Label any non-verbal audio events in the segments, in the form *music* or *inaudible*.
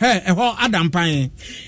pɛ ɛhɔ adampan.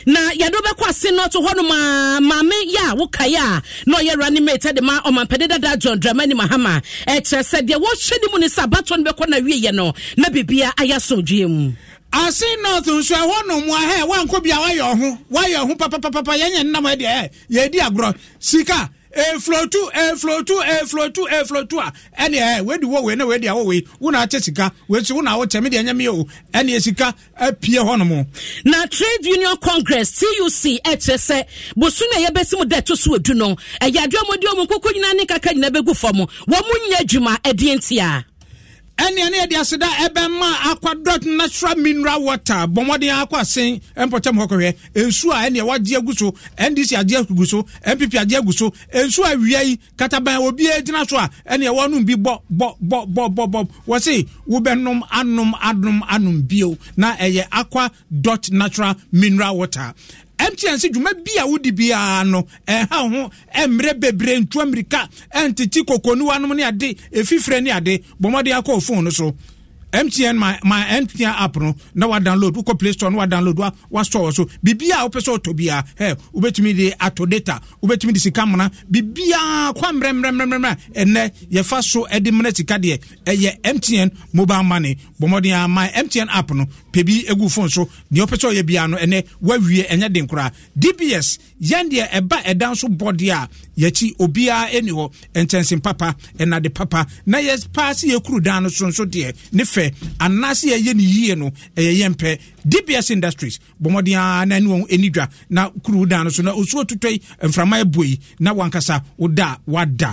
na yɛde bɛkɔ ase no to maame yɛ a wokaeɛ a na ɔyɛ mate de ma ɔmampɛde dada john dramani mahama ɛkyerɛ sɛ deɛ wɔhyɛ ne mu ne sɛ abatɔ no bɛkɔ na wieyɛ no na biribia ayɛ asomdwoeɛ mu ase north nso ɛhɔ nom bia ɔho ɔho yɛnyɛ ɛdeɛ yɛdi agorɔ sika eflotu eflotu eflotu eflotu a ɛne ɛ wedi wɔ wei na wedi awɔ wei wuna akyɛ sika wesi wuna awɔ tɛmi deɛ ɛnyɛ mi o ɛne esika apie hɔ nom. na trade union congress tuc ɛkyerɛ sɛ bosomi a yɛbɛsi mu dɛ ɛto so edu no ɛyɛ aduomodi omu nkoko nyinaa ne kaka nyinaa bɛgu fam wɔn mu nyɛ adwuma ɛdeɛ ntia. ɛnea ne yɛde ase da ɛbɛma aquadot natural mineral water bɔmmɔden akɔ asen mpɔtam hɔ kɔhwɛ nsuo a ɛnea wagye agu so ndc agye agu so npp agye agu so nsuo a wia yi kataban obi gyina so a ɛnea wɔnom bi bɔ bɔ bɔ bɔ bɔ bɔ wɔ se wobɛnom anom anom anom bio na ɛyɛ aqua dot natural mineral water mtn sɛ dwuma bi a wodi biara no ɛha ho mmerɛ bebree ntua mmirika ntete kokonuwanom ne ade ɛfifirɛ ne ade bɔmmɔde akɔ fon no so mtn my my mtn app no na wa download wokɔ play store na wa download wa wa store so biribiara wopɛ sɛ ɔtɔ biara hɛ wobɛtumi de ato data wobɛtumi de sika mona biribiara kwa mmerɛmmerɛmmerɛmmerɛ ɛnɛ yɛfa so de mmerɛ sika deɛ ɛyɛ mtn mobile money bɔmmɔden a my mtn app no pɛ bi egu phone so deɛ wopɛ sɛ ɔyɛ biara no ɛnɛ wawie ɛnyɛ den koraa dbs yɛn deɛ ɛba ɛda nso bɔdeɛ a yɛkyi obiara ani hɔ nkyɛnse papa ɛnade papa na yɛ paase yɛ kuru dan no so nso deɛ ne f fɛ anaasɛ yɛyɛ no yie no ɛyɛ yɛ mpɛ dbs industries bɔmmɔden a na ɛne wɔn ani dwa na kuru dan no so na osuo totɔ yi mframa ɛbɔ na wankasa woda wada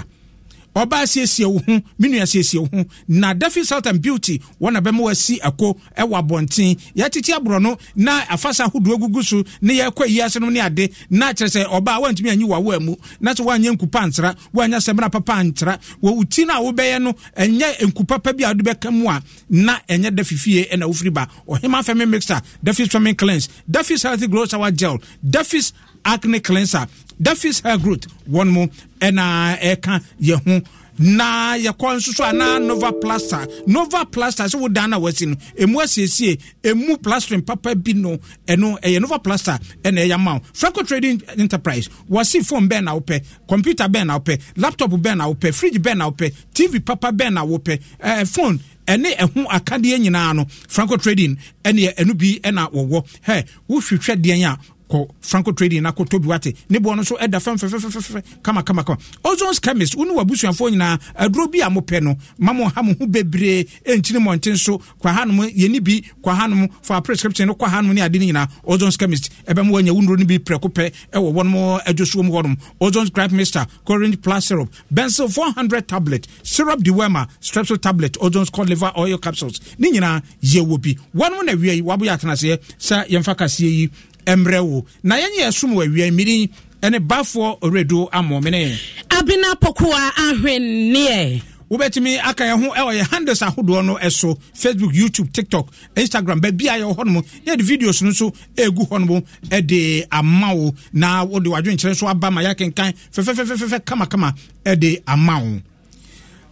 ɔbaa siesie wo ho minu nua siesie wo ho na defi salt and beauty wɔn na bɛma wɔasi ɛko ɛwɔ abɔnten yɛtete aborɔ na afasa ahodoɔ gugu so ne yɛkɔ yi ase no ne ade na kyerɛ sɛ ɔbaa wantumi anyi wɔ awoa mu na sɛ woanyɛ nkupa antra woanyɛ sɛmena papa antra wɔwo ti no a wobɛyɛ no ɛnyɛ nkupa pa bi a wode bɛka mu a na ɛnyɛ dafi fie ɛna wofiri ba ɔhema fɛme mixer dafis fɛme cleanse dafis healthy glow sour gel dafis acne cleanser defies hair growth wɔn mu ɛna ɛka yɛn ho na yɛkɔ nso so anaa nova plaster nova plaster sɛ wodan na wasi no ɛmu asiesie ɛmu plastering papa bi no ɛno eh, ɛyɛ nova plaster ɛna ɛyɛ eh, ama wo franco trading enterprise wasi phone bɛn na wopɛ computer bɛn na wopɛ laptop bɛn na wopɛ fridge bɛn na wopɛ tv papa bɛn na wopɛ ɛɛ phone ɛne eh, ɛho hmm, akadeɛ nyinaa no franco trading ɛne ɛnu bi ɛna wɔwɔ hɛ wohwehwɛ deɛn a kɔ franco trading na kɔ tobi wate ne boɔ no nso ɛda fɛn fɛfɛfɛfɛ kamakama kama ozons chemist wo ne wabusuafoɔ nyinaa aduro bi a mopɛ no ma mo ha bebree ɛnkyini mmɔnten so kɔ hanom yɛni bi kɔ hanom fa prescription no hanom ne ade no nyinaa ozons chemist ɛbɛma wanya wo nnuro no bi prɛko pɛ ɛwɔ wɔnom adwosuo mu hɔnom ozons gripe mister corange plus syrup bensil 400 tablet syrup deworma strepsil tablet ozons cod liver oil capsules ne nyinaa yɛwɔ bi wɔnom na awiei waboyɛ atenaseɛ sɛ yɛmfa kaseɛ yi mmerɛ wo na yɛnyɛ yɛsom wɔ awia mmiri ne bafoɔ ɔredo amɔmene abena pɔkoa ahwenneɛ wobɛtumi aka yɛ ho ɛwɔ yɛ handles ahodoɔ no ɛso facebook youtube tiktok instagram baabi a yɛwɔ hɔ nom yɛde videos no nso ɛgu hɔ nom ɛde ama wo na wode wadwenkyerɛ nso aba ma yɛakenkan fɛfɛfɛfɛfɛ kamakama ɛde ama wo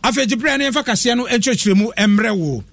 afei gyeberɛ ne yɛmfa kaseɛ no nkyerɛkyerɛ mu ɛmmerɛ wo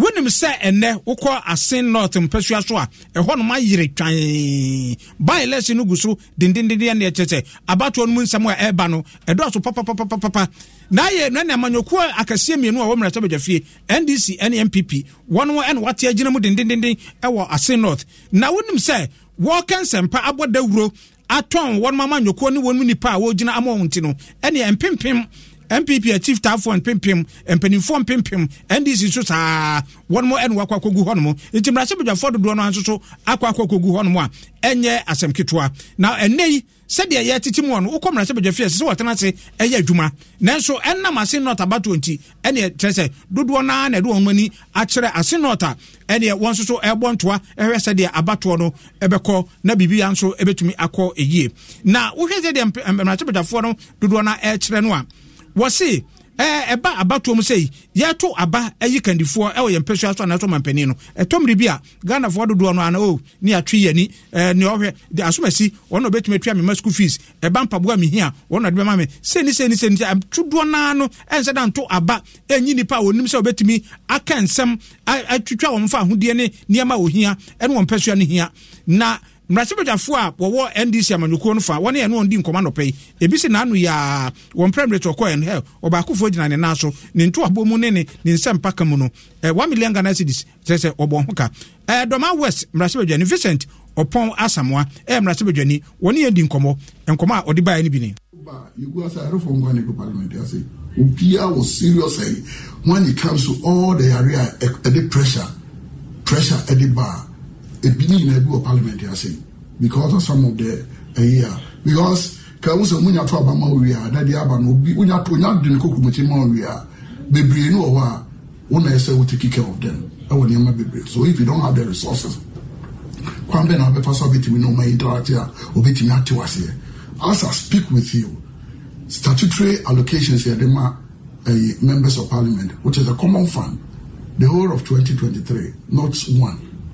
wonim sɛ ɛnɛ wokɔ asen north mpasua so a ɛhɔ nom ayere twan ba election no gu so dendendenden ne ɛkyerɛ sɛ abatoɔ no mu nsɛm a ɛreba no ɛdɔ so papapapapapa na ayɛ na ne amanyɔkuo akɛseɛ mmienu a wɔmmara sɛ bagya ndc ne mpp wɔn ɛne wate agyina mu dendendenden ɛwɔ asen north na wonim sɛ wɔɔkɛ nsɛmpa abɔ dawuro atɔn wɔn amanyɔkuo ne wɔn mu nipa a wɔgyina ama wɔn ti no ɛne mpempem npp achief taafoɔ mpempem mpanimfoɔ mpempem ndc nso saa wɔn mo ɛna wakɔ akɔgu hɔ nom nti mmarahyɛ badwafoɔ dodoɔ no nso so akɔ akɔ akɔgu hɔ nom a ɛnyɛ asɛm ketewa na ɛnɛ yi sɛdeɛ yɛ tete mu ɔno wokɔ mmarahyɛ badwafoɔ ɛsɛ sɛ wɔtena ase ɛyɛ adwuma nanso ɛnam ase nɔɔta bato nti ɛneɛ kyerɛ sɛ dodoɔ naa na ɛde wɔn ani akyerɛ ase nɔɔta ɛneɛ wɔn nso so ɛbɔ ntoa ɛhwɛ sɛdeɛ abatoɔ no ɛbɛkɔ na biribi nso ɛbɛtumi akɔ ɛyie na wohwɛ sɛdeɛ mmarahyɛ badwafoɔ no dodoɔ no ɛkyerɛ wɔse eh, ɛɛ ɛba abatoɔ mu sɛ yɛto aba ayi kandifoɔ ɛwɔ yɛn mpɛsua so anaasɔ mampanin no ɛtɔmire bi a ghanafoɔ dodoɔ no ana o ne atwi yɛ ni ɛɛ ne ɔhwɛ de asomasi wɔn na obetumi atwi amema school fees ɛba mpaboa mi hia wɔn na de bɛma mi sɛni sɛni sɛni sɛ atudoɔ naa no ɛnsɛ dan to aba ɛnyi nipa a onim sɛ obetumi aka nsɛm atwitwa wɔn fa ahodeɛ ne nneɛma ohia ɛne wɔn mpɛsua no hia na mmarahyɛbadwafoɔ a wɔwɔ ndc amanyɔkuo no fa wɔne ɛno ɔndi nkɔma nɔpɛ yi ebi si n'ano yaa wɔn prɛmrɛtɔ kɔɛ no hɛ ɔbaakofoɔ gyina ne nan so ne ntoabɔ mu ne ne ne nsɛm paka mu no ɛ one million ghana cedis kyerɛ sɛ ɔbɔ ho ka ɛ dɔma west mmarahyɛbadwani vincent ɔpɔn asamoa ɛ mmarahyɛbadwani wɔne yɛn di nkɔmɔ nkɔmɔ a ɔde baeɛ no bi ni. you guys are from one eco parliament i say obia was eh? when it comes to all the area ɛde eh, eh, pressure pressure ɛde baa ebi ne nyinaa bi wɔ parliament ase because of some of the ɛyɛ eh, a because kàwọn sɛ wọn nyatɔ aba ma wi a dade aba na obi wọn nyatɔ wọn nyatɔ ne koko mɔti ma wi a bebree ne wɔ hɔ a wọn na yɛ sɛ take care of them ɛwɔ nneɛma bebree so if you don't have the resources kwan bɛn na abɛfa so abɛtumi na ɔmo interact a obɛtumi ate waseɛ as i speak with you statutory allocations yɛ de ma ɛyɛ eh, members of parliament which is a common fund the whole of 2023 not one.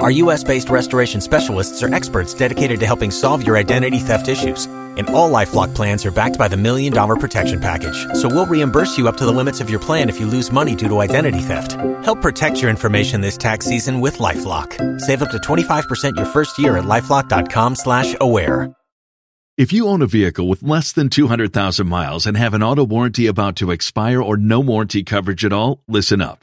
Our U.S. based restoration specialists are experts dedicated to helping solve your identity theft issues. And all Lifelock plans are backed by the Million Dollar Protection Package. So we'll reimburse you up to the limits of your plan if you lose money due to identity theft. Help protect your information this tax season with LifeLock. Save up to 25% your first year at LifeLock.com slash aware. If you own a vehicle with less than 200,000 miles and have an auto warranty about to expire or no warranty coverage at all, listen up.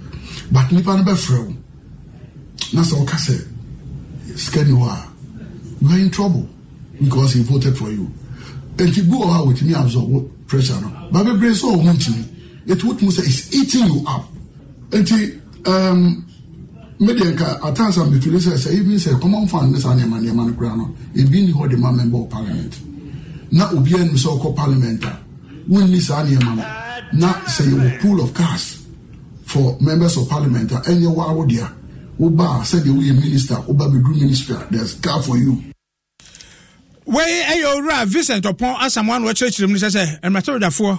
but nipa no bɛfrɛ wo na sɛ woka sɛ scared no a you are in trouble because he voted for you nti gu ɔhɔ a wotumi absorb pressure no ba bebree sɛ ɔmo ntumi etu wotum sɛ it's eating you up nti um, media nka at times i'm feeling say say even say common fund ne saa nneɛma nneɛma no kura no ebi ni hɔ de ma member of parliament na obi anim sɛ ɔkɔ parliament a wonni saa nneɛma no na sɛ yɛ wɔ pool of cars for members of parliament a ɛnyɛ waa wo dea woba a sɛdeɛ woyɛ minister woba bɛduru ministry a there's car for you wei ɛyɛ eh, owura vincent ɔpɔn asamoa na wɔkyerɛkyerɛ mu no sɛ eh, sɛ eh, mmerɛtɔrodafoɔ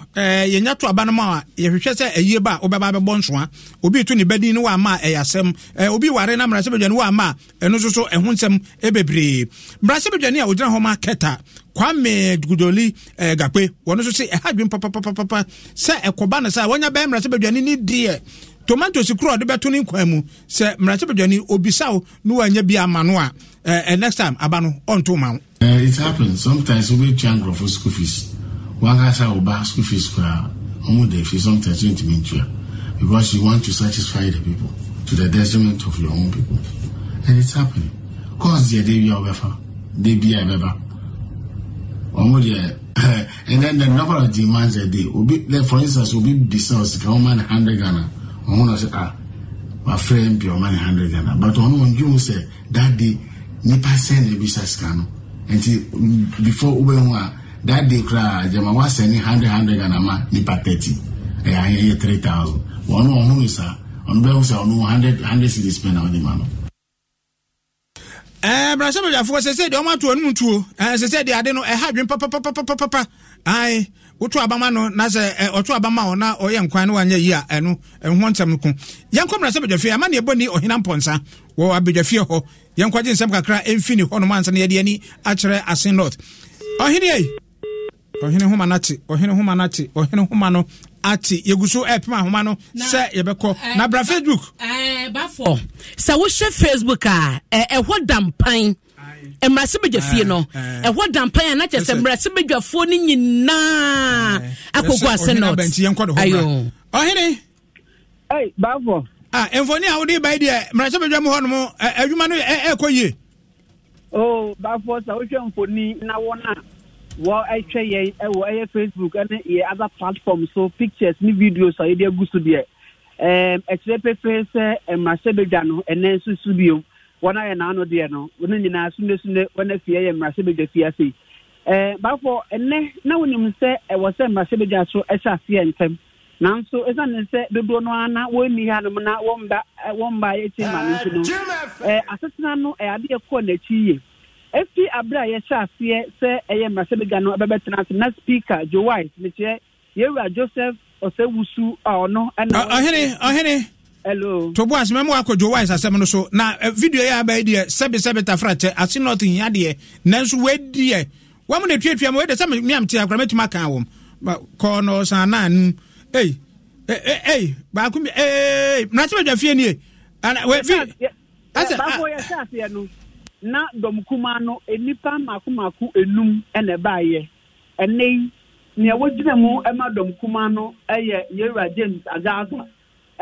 yɛnya to aba no ma a yɛhwehwɛ sɛ ayie ba a wobɛba bɛbɔ nsoa obi to ne badin no waama a ɛyɛ asɛm obi ware no mmerɛsɛbadwa no waama a ɛno nso so ɛho nsɛm bebree mmerɛsɛbadwani a ɔgyina hɔ ma kɛta kwame gudoli eh, gape wɔno nso se ɛha dwen papapapapa sɛ ɛkɔba no sɛ a wɔnya bɛɛ mmerɛsɛbadwani ne deɛ tomatos kuro ɔde bɛto ne nkwan mu sɛ mmerɛsɛbadwani obisa wo na bi ama no a eh, next time aba no ɔnto ma wo Eh, it happens sometimes wọ́n bẹ tua nkurɔfo school fees wọ́n akasa ọba school fees kura wọ́n dẹ̀ fi sometimes wọ́n ti mi because you want to satisfy the people to the detriment of your own people and it's happening cause deɛ de bi a ɔbɛfa de bi a ɛbɛba wɔn deɛ and then the number of demands a day obi like for instance obi be ɔsika wɔn ma ne hundred ghana wɔn na say ah wa fɛ mp wɔn ma hundred ghana but wɔn wɔn dwi mu sɛ that day nipa sɛn na ebi sa sika no nti before wobɛhu a that day koraa gyama woasɛne 100 100 anama nipa 30 ɛyɛ ahɛyɛ 3000 wɔno ɔho no saa ɔno bɛhu sɛ ɔno hundred hundred cities pɛ na wode ma no brasɛ bagyafoɔ sɛ sɛ deɛ ɔma to anom tuo sɛ sɛ deɛ ade no ɛha eh, dwen papapapapapa ae woto abama no na sɛ ɔto abama a ɔna ɔyɛ nkwan no wanyɛ yi a ɛno ɛho nsɛm ko yɛnkɔ mmara sɛ badwafie ama ne yɛbɔni ɔhena mpɔnsa wɔ abadwafie hɔ yɛnkɔgye nsɛm kakra ɛmfi ne hɔnom ansa na yɛde ani akyerɛ asen lot ɔhene ei ɔhene homa no ate ɔhene homa no ate ɔhene homa no ate yɛgu so ɛpem ahoma no sɛ yɛbɛkɔ na bra facebook sɛ wohyɛ facebook a ɛhɔ da mmarase bagya fie eh, no eh. ɛhɔ dampan a na kyɛ sɛ mmarase bagyafoɔ no nyinaa eh, akɔgu ase nɔt ɔhene baafo ah, mfoni a wode bae deɛ mmarase bagya mu hɔ nom adwuma no ɛkɔ yie o oh, baafo sɛ wohwɛ mfoni na wɔn a wɔatwa yɛn ɛwɔ ɛyɛ facebook ne yɛ other platform so pictures ne videos a yɛde agu so deɛ ɛkyerɛ pɛpɛɛ sɛ mmarase bagya no ɛnɛ nso so wọn ayɛ n'ano deɛ no nyinaa yɛ fie ase ɛɛ eh, baafo ɛnɛ na wɔnim sɛ ɛwɔ sɛ so ɛhyɛ aseɛ ntɛm nanso sɛ dodoɔ no ara na wɔnni na eh, ma nso no ɛɛ eh, asetena no ɛyɛ adeɛ n'akyi yie efi a yɛhyɛ aseɛ sɛ ɛyɛ no ase na speaker joe white ne kyerɛ yɛwura joseph ɔsɛwusu a ɔno ɛna tobo ase mɛma a wise asɛm no so na eh, video yɛ abaɛ deɛ sɛbesɛbe tafrakyɛ ase not hia deɛ nanso wadiɛ wamu na tuatua ma wede sɛ meamte akora mɛtumi aka wɔm kɔɔ no sana num ei e, e, ei baako bi ei mmerante e, badwa fie nie asɛ eh, no na dɔmkuma no nnipa maakomaako enum ɛna ɛbaayɛ ɛnɛ yi nea wɔgyina mu ma dɔmkuma no yɛ yɛwura james agaga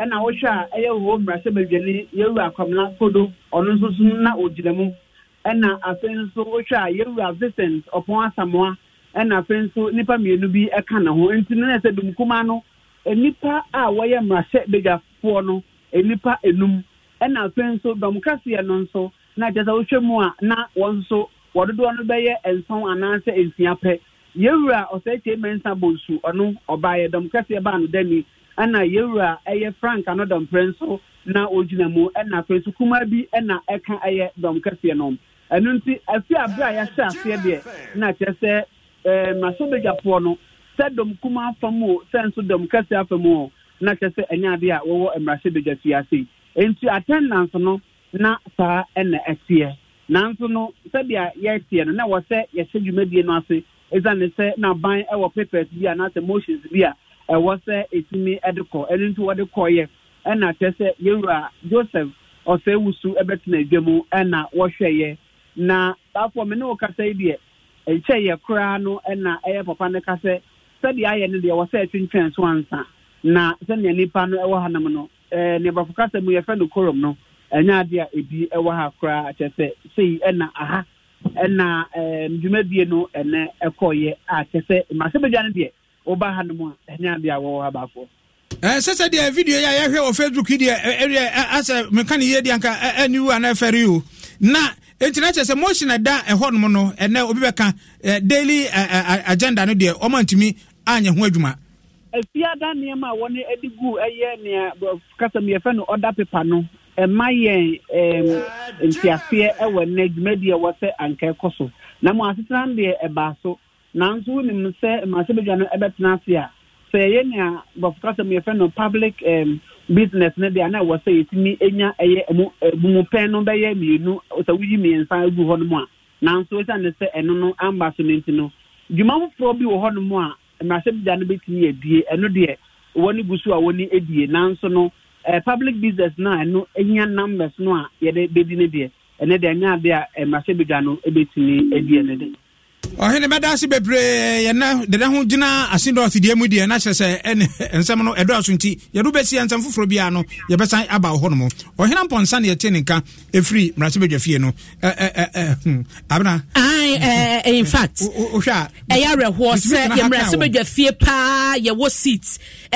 ɛna wohwɛ a ɛyɛ wɔwɔ mmara sɛ badwani yɛwura akwamena kodo ɔno nso so na ogyina mu ɛna afei nso wohwɛ a yɛwura vincent ɔpɔn asamoa ɛna afei nso nnipa mmienu bi ɛka ne ho nti no na sɛ dumkuma no nnipa a wɔyɛ mmarahyɛ badwafoɔ no nnipa enum ɛna afei nso dɔm kaseɛ no nso na kyerɛ sɛ wohwɛ mu a na wɔn nso wɔdodoɔ no bɛyɛ nson anaasɛ nsia pɛ yɛwura ɔsɛkyɛ mɛnsa bɔ nsu ɔno ɔbaayɛ dɔm kaseɛ baa no dani ɛna yɛwura ɛyɛ frank ano dɔmprɛ nso na ogyina mu ɛna afei nso kuma bi ɛna ɛka ɛyɛ dɔm kɛseɛ no ɛno nti afi abere a yɛahyɛ aseɛ deɛ na kyerɛ sɛ ɛɛ masobegyafoɔ no sɛ dɔm kuma afam o sɛ nso dɔm kɛseɛ afam o na kyerɛ sɛ ɛnyɛ adeɛ a wɔwɔ mmarahyɛbegya fie ase nti attendance no na saa ɛna ɛteɛ nanso no sɛdeɛ yɛteɛ no na wɔsɛ yɛhyɛ dwumadie no ase ɛsiane sɛ na ban ɛwɔ papers bi anaasɛ motions bi a ɛwɔ sɛ ɛtumi de kɔ ɛno nti wɔde kɔyɛ ɛna sɛ joseph ɔsɛ wusu ɛbɛtena adwa mu ɛna wɔhwɛeɛ na baafoɔ me ne wo kasa yi deɛ koraa no ɛna ɛyɛ papa no ka sɛ ayɛ no deɛ wɔ sɛ ɛtwentwɛn so ansa na sɛnea nipa no ɛwɔ hanom no ɛɛ kasa mu no korom no ɛnyɛ adeɛ ebi ɛwɔ ha koraa ọba ha no a ɛne adeɛ a wɔwɔ habafoɔ eh, sɛ video yi a yɛhwɛ wɔ facebook yi deɛ ɛdeɛ eh, eh, asɛ meka nka yie deɛ anka ɛniwu anaa ɛfɛre o na na kyerɛ sɛ motion ɛda ɛhɔnom no ɛnɛ obi daily agenda no deɛ ɔma ntumi anyɛ ho adwuma ada nneɛma a gu ɛyɛ nea kasam no ɔda pepa no ɛma yɛn ehm, ntiaseɛ ɛwɔ wɔ sɛ so na mo asetena deɛ ɛbaa so nanso wonim sɛ mmasɛbadwa no ɛbɛtena ase a sɛ ɛyɛ nea bɔfokasɛm yɛfrɛ no public business no deɛ a na ɛwɔ sɛ yɛtumi nya ɛyɛ mumupɛn no bɛyɛ mmienu sɛ woyi mmiɛnsa agu hɔ no mu a nanso ɛsiane sɛ ɛno no amba so no nti no dwuma foforɔ bi wɔ hɔ no mu a mmarasɛbagya no bɛtumi adie ɛno deɛ wɔne gu so a wɔne adie nanso no public business no a ɛno ɛhia numbers no a yɛde bɛdi no deɛ ɛno deɛ ɛnyɛ adeɛ a mmarasɛbagya no bɛtumi adie no de ɔhene mɛda ase bebree yɛna deda ho gyina asendɔɔfideɛ mu deɛ na kyerɛ sɛ ɛne *laughs* nsɛm no ɛdɔ so nti yɛde wobɛsi nsɛm foforɔ biaa no yɛbɛsan aba wo hɔ no mu ɔhena mpɔnsa ne yɛte ne nka ɛfiri mmarase badwa fie no hmm, abena infact ɛyɛ awerɛhoɔ sɛ yɛmmarase badwa fie paa yɛwɔ seat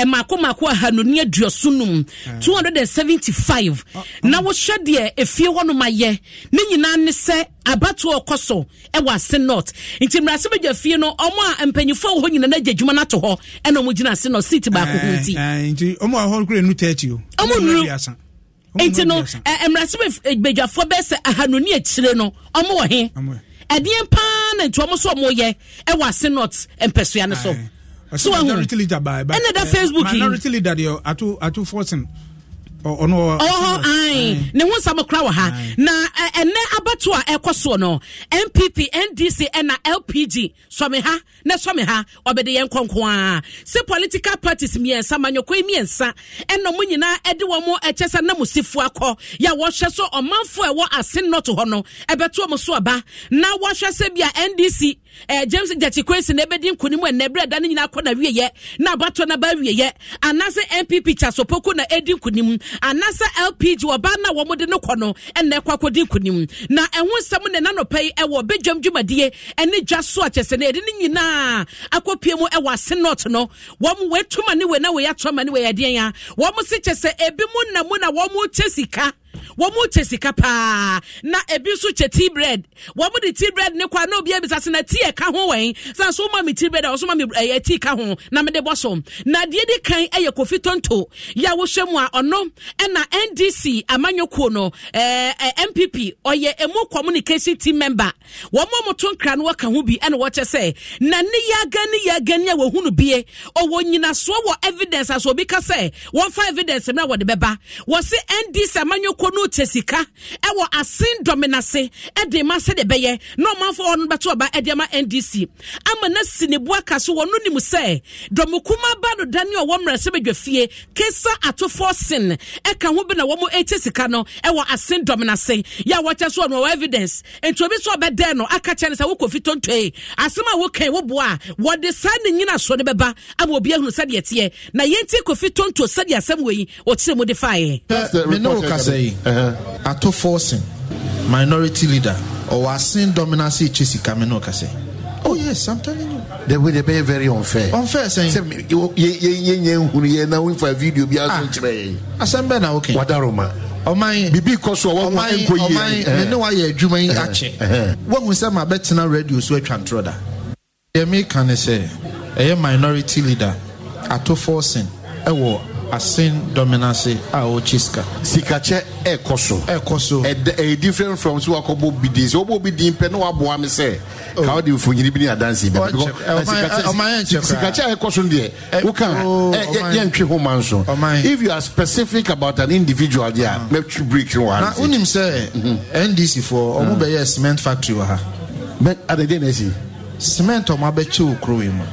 ɛmaako maako ahanu ne aduoso num two hundred and seventy five na wohwɛ deɛ efie hɔ nom ayɛ ne nyinaa ne sɛ abatoɔ ɔkɔ so ɛwɔ ase north nti mmerase bɛgya fie no ɔmo a mpanyinfoɔ wɔ hɔ nyinaa n'agya adwuma n'ato hɔ ɛna ɔmo gyina ase north seat baako ho nti. nti ɔmo a hɔ kura enu thirty o. ɔmo nuru nti no mmerase bɛgyafoɔ bɛsɛ ahanu ne akyire no ɔmo wɔ he ɛdeɛ paa na nti ɔmo so ɔmo yɛ ɛwɔ ase north mpɛsoa ne so. Aye so wahu minority leader baa ɛbɛ ɛna da facebook yi minority leader deɛ ato ato forcing ɔno ɔwɔ hɔ ne ho nsɛm kora wɔ ha na ɛnɛ abato a ɛkɔ soɔ no npp ndc ɛna lpg sɔme ha ne sɔme ha ɔbɛde yɛn nkɔnko a sɛ political parties mmiɛnsa manyɔkoi mmiɛnsa ɛna mo nyinaa ɛde wɔn mo ɛkyɛ sɛ nam sifu akɔ yɛ wɔhwɛ so ɔmanfo a ɛwɔ ase nnɔto hɔ no ɛbɛto wɔn so aba na wɔhwɛ sɛ bia ndc eh, james jati kwesi na ebedi nkunim ɛnna ebere ɛda ne nyinaa kɔ na wieyɛ na abatɔ na ba wieyɛ anase npp kyasopoko na edi nkunim anase lpg ɔbaa na wɔn de no kɔ no ɛnna eh, ɛkɔ akɔdi nkunim na ɛho nsɛm na nanɔpɛ yi ɛwɔ eh, bedwam dwumadie ɛne eh, dwa so akyɛsɛ na yɛde ne nyinaa akɔpie mu ɛwɔ ase nɔt no wɔn wɔatuma ne wei na wɔyɛ atɔma ne wɔyɛ adeɛ ya wɔn si kyɛ ebi mu na mu na wɔn kyɛ sika wɔn mu kyɛ sika paa na ebi nso kyɛ tea bread wɔn mu de tea bread ne kwa na obi ebisa sɛ na tea ɛka ho wɛn san so ma mi tea bread a wɔso ma mi ɛyɛ eh, eh, tea ka ho na mi de bɔ so na deɛ di kan ɛyɛ kofi tonto yɛ a mu a ɔno ɛna ndc amanyɔkuo no ɛɛ ɛ npp ɔyɛ emu communication team member wɔn mu a wɔto nkira no wɔka ho bi ɛna wɔkyɛ sɛ na ne yaga ne yaga ne a wɔhunu bie ɔwɔ nyinasoɔ wɔ evidence aso obi ka sɛ wɔn fa evidence mi a wɔde bɛba wɔsi ndc amanyɔkuo akɔ no tɛ sika ɛwɔ asen dɔmenase ɛde ma sɛdeɛ ɛbɛyɛ na ɔmanfo ɔno bɛto ɔba ɛde ama ndc ama na si ne boa ka so wɔn no nim sɛ dɔmokuma ba no dani ɔwɔ mmerɛsɛ badwa fie kesa atofoɔ sen ɛka ho bi na wɔn ɛte sika no ɛwɔ asen dɔmenase yɛ a wɔkyɛ so ɔno evidence nti obi so ɔbɛdɛn no aka kyɛn sɛ wokɔ fito asɛm a wokan woboa a wɔde saa ne nyina so ne bɛba ama obi ahunu sɛdeɛ teɛ na yɛnti kofi tonto sɛdeɛ asɛm wɔ yi ɔkyerɛ mu de faeɛ mene wo kasa yi Uh-huh. ato forcing minority leader ɔwɔ asin dominance ekyi sika mi oh yes i'm telling you. the way they pay very unfair. unfair sɛn. sɛ yɛ yɛ yɛ yɛ nhunu yɛ na nfa video bi aso kyerɛ yɛ. asɛm bɛɛ na okay. wadarɔ eh. eh. eh. ma. ɔman bibi kɔ so a wɔn wɔn nko yie ɔman mi ne wa yɛ adwuma yi akye wɔn sɛ ma bɛ tena radio so e atwa ntorɔ da. yɛmi kan ne sɛ ɛyɛ minority leader ato forcing ɛwɔ. E asin dominance a ɔkyi sika. sikakyɛ ɛkɔ so. ɛkɔ so. ɛdɛ ɛyɛ different from so wakɔbɔ bi den so wɔbɔ bi den pɛ na waboa mi sɛ oh. k'aw de mfonyini bi ni adansi bɛ. sikakyɛ ɛkɔ so deɛ o kan oh, yɛn twi ho man so if you are specific about an individual there mɛ tu break ni wa. na unim sɛ mhm. ndc fɔ ɔmu mm. bɛ yɛ cement factory wa ha. mɛ adadɛ na esi. cement ɔmu abɛ kye okoro yi mu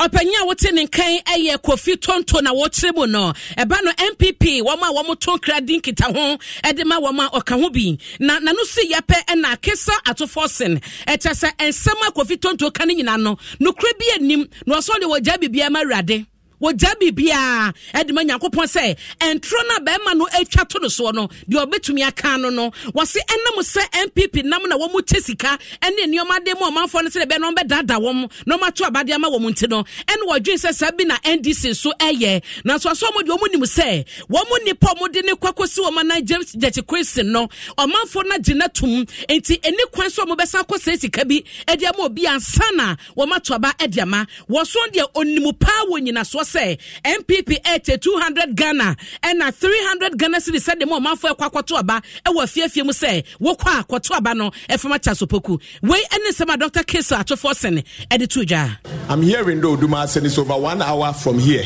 ɔpanyin a wote ne nkan yɛ kofi tonto na wɔkyerɛ mu no ɛba no npp wɔn a wɔn to di nkita ho de ma wɔn a ɔka ho bi na nanu si yɛpɛ ɛna akesa atofo sen ɛkyɛ sɛ nsɛm a kofi tonto ka ne nyinaa no nokura bi anim na ɔsɔ de wɔ gya biribiara ma wɔgya biribiaa ɛde ma nyankopɔn sɛ ɛntoro no a bɛrima no atwa to no soɔ no deɛ ɔbɛtumi aka no no wɔse ɛnam sɛ npp nam na wɔmu kyɛ sika ɛne nneɔma de mu ɔmanfoɔ no sɛ deɛ bɛɛ no ɔmbɛdada wɔm na ɔmato abadeɛ ama wɔ mu nti no ɛne wɔdwene sɛ saa bi na ndc so ɛyɛ nanso ɔsɛ ɔmo deɛ ɔmo nim sɛ wɔmo nnipa ɔmo de ne kɔ kɔsi wɔn anan james gyakye kristian no ɔmanfoɔ no agye n'atum nti ɛne kwan so ɔmo bɛsan kɔ sɛ sika bi ɛde ama obi ansa na wɔmato aba ɛde ama wɔso deɛ onimu paa wɔ nyinasoɔ sɛ npp ɛte 200 ghana ɛna 300 ghana series sɛde mu ɔmanfo ɛkɔ akɔto aba ɛwɔ afiafie mu sɛ wɔkɔ a aba no ɛfam akyɛ asopoku wei ɛne nsɛm a dr kese atofo sene ɛde to dwa i'm hearing though dumaase is over one hour from here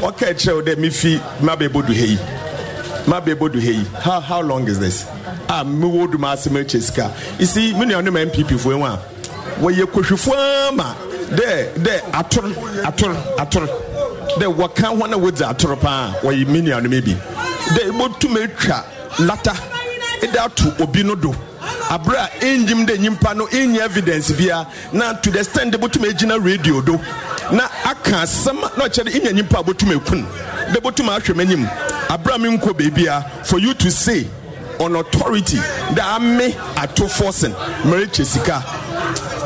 ɔka kyerɛ dɛ mefi mabɛbɔ duhɛ yi mabɛbɔ duhɛ yi how, how long is this a ah, mewɔ dumaase makyɛ sika ɛsi me nuanom mpp foɔ mu a wɔyɛ kɔhwefoɔ ma dɛ e e dɛ ator ator ator the wɔka hɔn a atropa atoro paa wɔyɛ me nuanom bi dɛ ebotum etwa lata ɛde ato obi no do abere a enyim dɛ nyimpa no enyi evidence bia na to the stand ebotum egyina radio do na aka asɛm na ɔkyerɛ dɛ enya nyimpa a ebotum ekun dɛ ebotum ahwɛ m'enyim abere a for you to say on authority the army ato forcing merekyɛ sika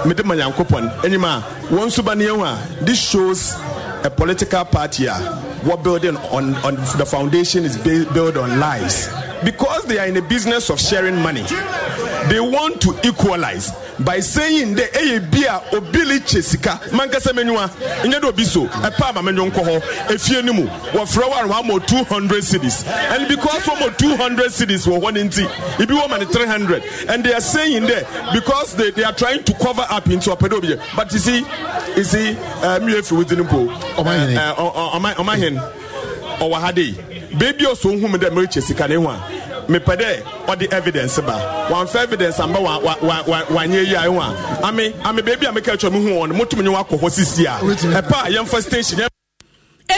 mede ma nyankopɔn anim a wɔn nso this shows a political party what building on, on the foundation is built on lies because they are in the business of sharing money they want to equalize by saying the ɛyɛ bi a obi le kye sika mankasa menyiwa nyɛ a obi so ɛpa ama one hɔ two hundred cities and because one mo two hundred cities were hɔ ne nti ebi wɔ ma ne three hundred and they are saying there because they they are trying to cover up into ɔpɛ dɛ obi yɛ but you see you see mi yɛ fi wudini po ɔma hɛn ɔwɔ ha de yi beebi a ɔsɔ ohun mi dɛ mɛrekyɛ sika ne ho a mepɛ dɛ ɔde evidence ba wɔnfɛ evidence amba wa wa wa wa wanyɛ yia ho a ame ame beebi a meka atwa mu hu wɔn motum nye wakɔ hɔ sisi a ɛpa yɛmfa station yɛn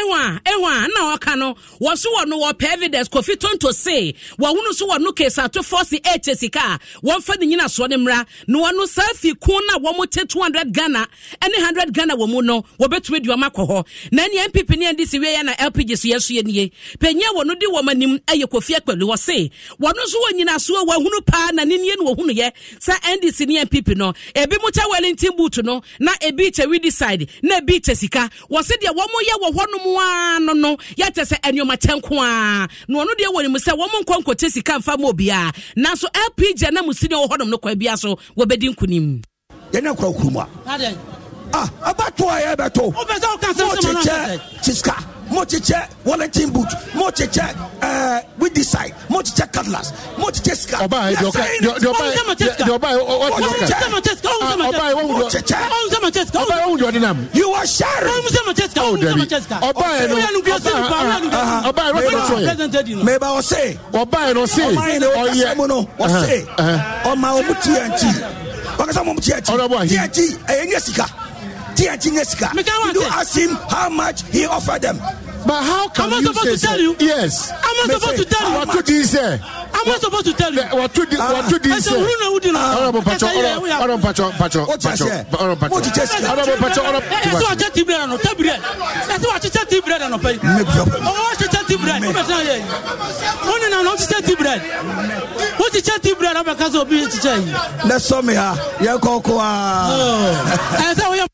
ewa ewa na ɔka no wɔso wɔ no wɔ pɛ evidence kofi tonto se wɔhunu so wɔ no case ato force eight sika a wɔmfa ne nyina soɔ mmra na wɔn no saa fi kun na wɔn te two hundred ghana ɛne hundred ghana wɔ mu no wɔbɛtumi di wɔn akɔ hɔ na ne npp ne ndc wie yɛ na lpg so yɛ so yɛ nie panyin wɔn no di wɔn anim ɛyɛ kofi akpɛlu wɔ se wɔn no so wɔ nyina soɔ wɔhunu paa na ne nie no wɔhunu sɛ ndc ne npp no ebi mu kyɛ wellington boot no na ebi kyɛ widi side na ebi kyɛ sika wɔ se deɛ wɔn yɛ wɔ hɔnom nkoa no no yɛte sɛ anuomakyɛ nko a na ɔno deɛ wɔ ne mu sɛ wɔn nkɔ nkɔte sika mfa ma obiara nanso lpg na mu sini wɔ hɔnom no kwa bia so wɔbɛdi nkonim yɛne kora kuruma ah ɛbɛto a yɛbɛto mokyekyɛ kyiska mokyekyɛ wellington boot mokyekyɛ ɛɛ widiside mokyekyɛ cutlass mokyekyɛ sika ɔbaa yɛ ɔbaa you are sharing ɔbaa yɛ no ɔbaa yɛ no tɔyɛ mɛba ɔse ɔbaa yɛ no ɔse ɔyɛ ɔse ɔma ɔmu tiɛ nti wakasa ɔmu tiɛ nti tiɛ nti ɛyɛ nyɛ sika. You ask him how much he offered them. But how can I'm not supposed to so? tell you? Yes. I'm not supposed to tell you. What to do say? I'm not supposed to tell you. What to do? What to do say? I said, Honorable Pacho, Honorable Pacho, Pacho, Pacho, Honorable Pacho. Honorable Pacho, Honorable Pacho. That's what I tell no tell bread. That's what you tell bread no pay. No problem. Oh, what you tell bread? No matter here. Only now not tell bread. What I you tell bread? I'm because of being to tell you. That's some here. You go go. Oh. I say we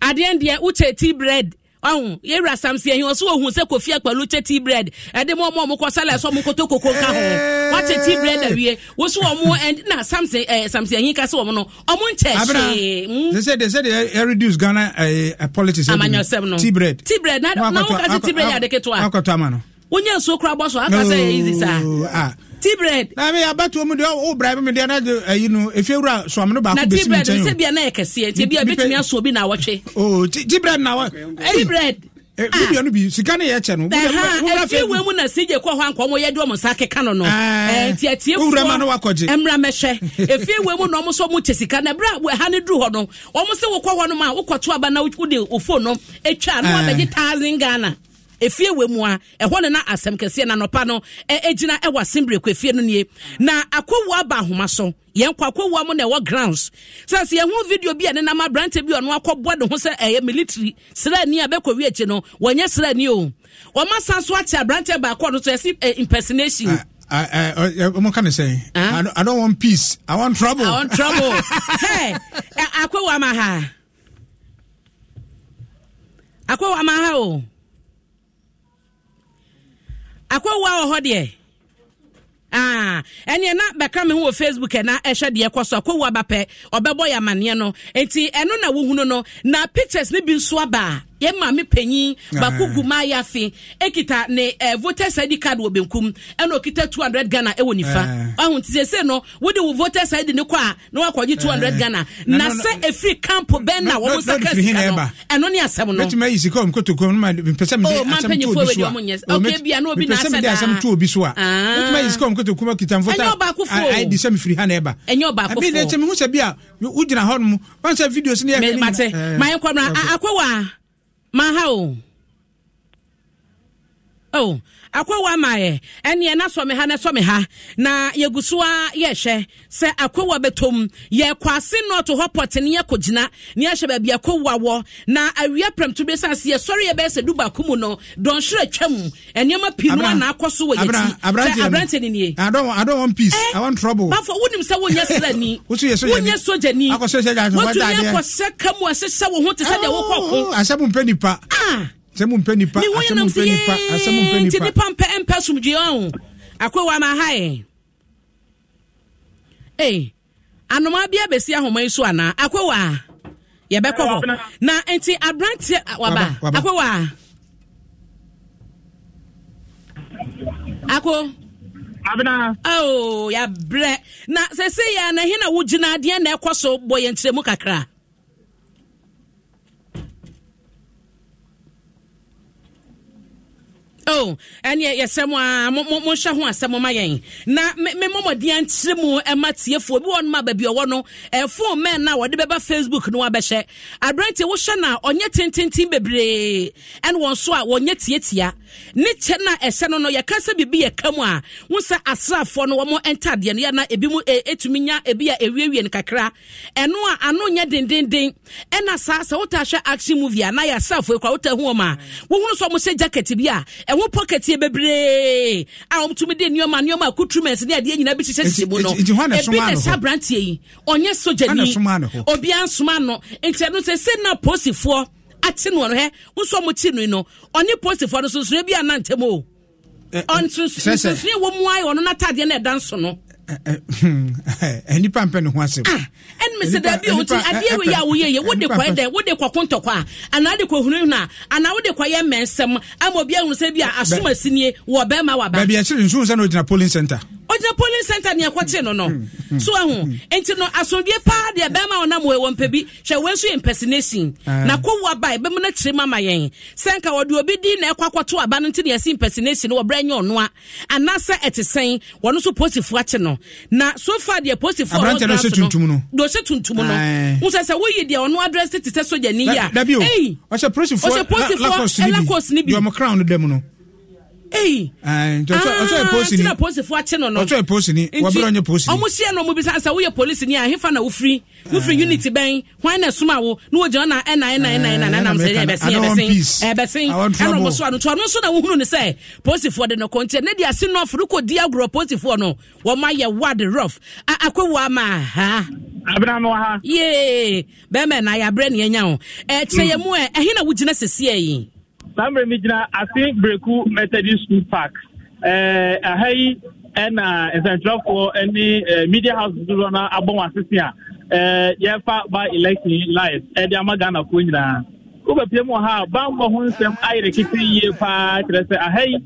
adeɛ deɛ wokyɛ tea bread ɔhun yɛwura samsi ɛhin ɔsɛ ohun sɛ kofi akpɛlu kyɛ tea bread ɛde mu ɔmo ɔmo kɔ sɛlɛ ɛsɛ ɔmo koto koko nka ho wakyɛ tea bread awie wosu ɔmo ɛn na samsi ɛɛ samsi ɛhin kasi ɔmo no ɔmo nkyɛ hyee. Hmm? sɛ de sɛ de ɛ reduce ghana ɛɛ politics. amanyɔsɛm no tea bread tea bread na na wɔn kasi bread yɛ akɔtɔ ama no wonye nsuo kora bɔ so aka sɛ yɛ easy saa ah. tea bread. na mi abatuo mu deɛ o bra mi deɛ na de ayi eh, no efi ewura sɔmu no na tea bread nsɛbi na yɛ kɛseɛ tie bi a bi na awɔtwe. ooo oh, tea bread na awɔ. tea bread eh, wúdiẹ nu bi sika ni yẹ kyẹ no. Eh, na sije kọ hɔ nkɔmɔ yɛ di ɔmo nsa keka no no. Ah. ntiɛ tie fo owurama no wakɔ gye. *laughs* na mu kyɛ sika na ebira ɛha ni duru hɔ no ɔmo sɛ ma wokɔ to na wode ofo no etwa ah. ano ghana. ɛfie wɔ mu a ɛhɔ no na asɛm kɛseɛ na nɔpa no ɛgyina ɛwɔ asɛmbrɛkɔ efie no nie na akɔwu aba ahoma so yɛnkɔ akɔwua mu na ɛwɔ grounds sɛ sɛ yɛho video bi a ne nam aberantɛ bi ɔno akɔboa ne ho sɛ ɛyɛ military srani a bɛkɔwi akyi no wɔnyɛ srani o wɔma san so akyɛ aberantɛ baakɔ no so yɛsi impersonation uh. ɔmo ka ne i don't want peace i want trouble i want trouble *laughs* hey akɔwua ma ha akɔwua ma ha o. akɔwoa wɔ hɔ deɛ ah, ɛneɛ na bɛka me ho wɔ facebook ɛna ɛhwɛ deɛ kɔ so akɔwoa ba pɛ ɔbɛbɔ yɛ amanneɛ no enti ɛno na wohunu no na pictures no bi nso aba yɛ maame panyin baako gu maayafe ekita ne ɛɛ eh, voters id card wɔ benkum ɛna okita two hundred ghana ɛwɔ nifa ɔhun ti sese no wode wo voters id ne kɔ a na wakɔgye two hundred ghana na sɛ efiri kampo bɛn na wɔn e nsa kɛ sika oh, oh, no ɛno ne asɛm no. bɛtuma yi sika omi kotoku omi ma mpɛsɛ mi de asɛm tu obi so a ɔkɛ bia obi tu obi so a bɛtuma yi sika omi kotoku ma kita nfota ɛnyɛ ɔbaako fo ayi di sɛ mi firi ha na ɛba ɛnyɛ ɔbaako fo ɛmi de mi n My o Oh. oh akɔwa amaayɛ ɛneɛ na sɔme ha na sɔme ha na yɛgu so a sɛ akɔwa bɛtɔm yɛkɔ ase nɔɔto hɔ pɔte ne yɛkɔgyina ne yɛhyɛ baabi akɔwa wɔ na awia prɛmto bi sa se yɛsɔre yɛbɛyɛ sɛ dubaako mu no dɔnhwerɛ atwa mu nneɛma a na akɔ so wɔ yɛti sɛ aberante no nie bafo wonim sɛ wonyɛ srani wonyɛ sogyani wotumi akɔsɛ ka mu ɛsesɛ wo ho te sɛ deɛ wokɔko sɛ mo mpɛ nipa asɛ mo mpɛ nipa asɛ mo mpɛ nipa nti nipa mpɛ mpɛ sumdue ɔn akɔ wa ma ha yɛ ee anoma bi abesi ahoma yi so ana akɔ wa yɛbɛkɔ hɔ na nti aberanteɛ waba akɔ wa akɔ. abena. oh yabrɛ na sese yɛ anahin na wogyina adeɛ na ɛkɔ so bɔ yɛn kyerɛ mu oh ɛne yɛsɛm e e a monhwɛ ho asɛm ma yɛn na memmɔmmɔden ankyerɛ mu ɛma tiefoɔ bi wɔnom a baabi ɔwɔ no ɛfon mɛn e no a wɔde bɛba facebook no wabɛhyɛ aberante wohyɛ no a ɔnyɛ tententen bebree ɛne wɔn so a wɔnyɛ tiatia ne kyɛ no a ɛhyɛ no no yɛka sɛ biribi yɛka mu a wo sɛ asraafoɔ no wɔm ntadeɛ no yɛna ebi mu ɛtumi nya ebi a ɛwiewie no kakra ɛno a ano nyɛ dendenden ɛna saa sɛ wotahwɛ action movie a na yɛ asraafoɔ kora wotahuu ɔm a wohunu sɛ ɔmo hyɛ jacket bi a ɛwɔ pocket yɛ bebree a wɔtumi de nneɛma nneɛma accoutrements ne adeɛ nyinaa bi hyehyɛ hyehyɛ mu no ebi na ɛhyɛ aberanteɛ yi ɔnyɛ sogyani obiara nsoma no nkyɛn sɛ sɛ na polisifoɔ ate no hɛ nso ɔmo ti no no ɔne polisifoɔ no nso nso ebi anantɛm o ɔnso nso nso nso wɔ mu ayɛ ɔno n'ataadeɛ na ɛda nso no. Eh, eh, *laughs* eh, nipa mpɛ ne ho asɛm ah, ɛnme sɛ daabi wo nti adeɛ wei a woyɛ yɛ wode kɔ dɛ wode kɔ kontɔkɔ a anaa wode kɔ hunu no a anaa wode kɔ yɛ mmɛnsɛm ama obi ahu sɛ bi a asom asinie wɔ bɛrima waba baabi akyiri nsuhu sɛ na ogyina polling center ogyina polling center ni ɛkɔtee no no hmm, hmm, so ahu hmm. nti no asomdwe paa deɛ bɛrima a ɔnam wɔ mpɛ bi hwɛ wei nso yɛ impersonation ah. na kɔwu aba ɛbɛmu no kyerɛ mu ama yɛn sɛ wɔde obi din na ɛkɔ akɔto aba no nti ne yɛsi impersonation no wɔbrɛ nyɛ ɔnoa anaasɛ ɛte sɛn wɔno nso posifoɔ akye no na so far deɛ posifoɔ aberante no hyɛ tuntum no deɛ ɔhyɛ tuntum no wosɛ sɛ woyi deɛ ɔno adrɛse te sɛ sogyani yi a ɛyi ɔhyɛ posifoɔ ɛlakɔs ni bi deɛ ɔmo crown no dɛm no eyi eh, ɔtɔ ah, polisi ni ɔtɔ polisi fo akyi no no ɔtɔ polisi ni wabere ɔnyɛ polisi ni ɔmo si ɛna ɔmo ni ahefa na wofiri wofiri eh. unit bɛn wo na wogyina ɔna eh, ɛna ɛna ɛna ɛna ɛna nam sɛ ɛbɛsin ɛbɛsin ɛbɛsin ɛna na wohunu ne sɛ polisi fo ne kɔntiɛ ne de ase nɔf ne ko di agorɔ polisi fo no ha. abinamu ha. yee bɛrɛ na ayabrɛ ni ɛnya o ɛkyɛ hmm. mu ɛ ɛhin na sisi ɛyin. saa mmerɛ mi gyina ase breku methodist school park eh, aha yi ɛna nsɛntwerɛfoɔ ne eh, media house dodoɔ no abɔ wɔn asese a eh, yɛfa ba election live ɛde ama ghanafoɔ nyinaa wobɛpie mu ha a bammɔ ho nsɛm ayerɛ kete yie paa kyerɛ sɛ aha yi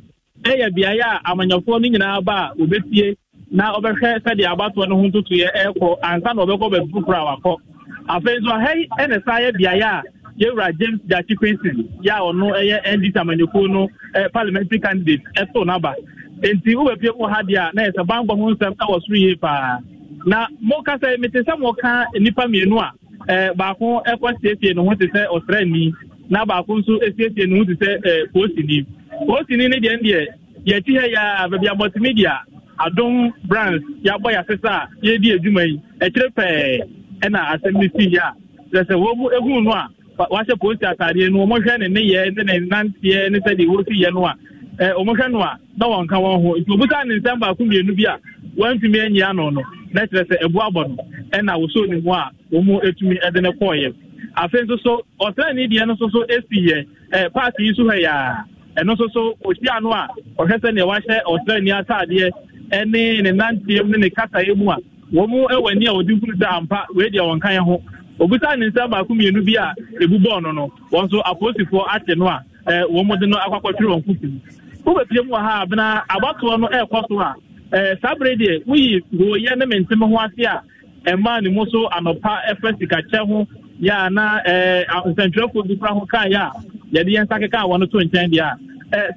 ɛyɛ beaeɛ a amanyafoɔ no nyinaa ba a wɔbɛfie na ɔbɛhwɛ sɛdeɛ abatoɔ no ho ntotoeɛ ɛrekɔ ansa na ɔbɛkɔ baabi foforɔ a wakɔ afei nso aha yi ɛna saa yɛ beaeɛ a yɛwura james jaki Quincy yɛ a ɔno ɛyɛ ndc amanyɔkuo parliamentary candidate ɛtoo n'aba nti wobɛpie wɔ ha deɛ a na yɛsɛ bankɔ ho nsɛm ɛwɔ soro yie paa na moka sɛ mete sɛ mɔka nnipa mmienu a ɛ baako ɛkɔ siesie ne ho te sɛ ɔsrɛni na baako nso esiesie ne ho te sɛ ɛ poosini poosini ne deɛ deɛ yɛti ha yɛ a a multimedia adom brands yɛabɔ yɛ asesa a yɛdi adwuma yi ɛkyerɛ pɛɛ ɛna asɛm ne si yɛ a sɛ wɔn mu ehu no a wahyɛ polisi ataadeɛ no wɔn hwɛ ne ne yɛ ne ne nanteɛ ne sɛdeɛ wɔresi yɛ no e, a ɛɛ wɔn hwɛ no a na wɔn ka wɔn ho nti obusa ne nsɛm baako mmienu bi a wɔntumi anyia no no na kyerɛ sɛ ɛbu abɔ no ɛna e wɔsɔ ne ho a wɔn mu etumi ɛde e ne kɔɔyɛ afei nso so ɔsrani deɛ no nso so esi yɛ ɛɛ paaki yi so hɛ yaa ɛno nso so ohyia no a ɔhwɛ sɛ nea wahyɛ ɔsrani ataadeɛ ɛne ne nanteɛ ne ne kasa yɛ mu a wɔn mu ɛwɔ ani a wɔde ampa wei deɛ wɔn obusa ne nsa baako mmienu bi a ebu bɔɔl no wɔn nso apolisifoɔ ate no a ɛɛ wɔn mo de no akɔkɔtwere wɔn kusi mu wobɛpie mu wɔ ha abena abatoɔ no ɛɛkɔ so a ɛɛ saa bere deɛ woyi wɔyɛ ne ho a ne mu so anɔpa ɛfɛ ho yɛ a na ɛɛ nsɛntwerɛfoɔ bi a yɛde yɛn nsa keka wɔn to nkyɛn deɛ a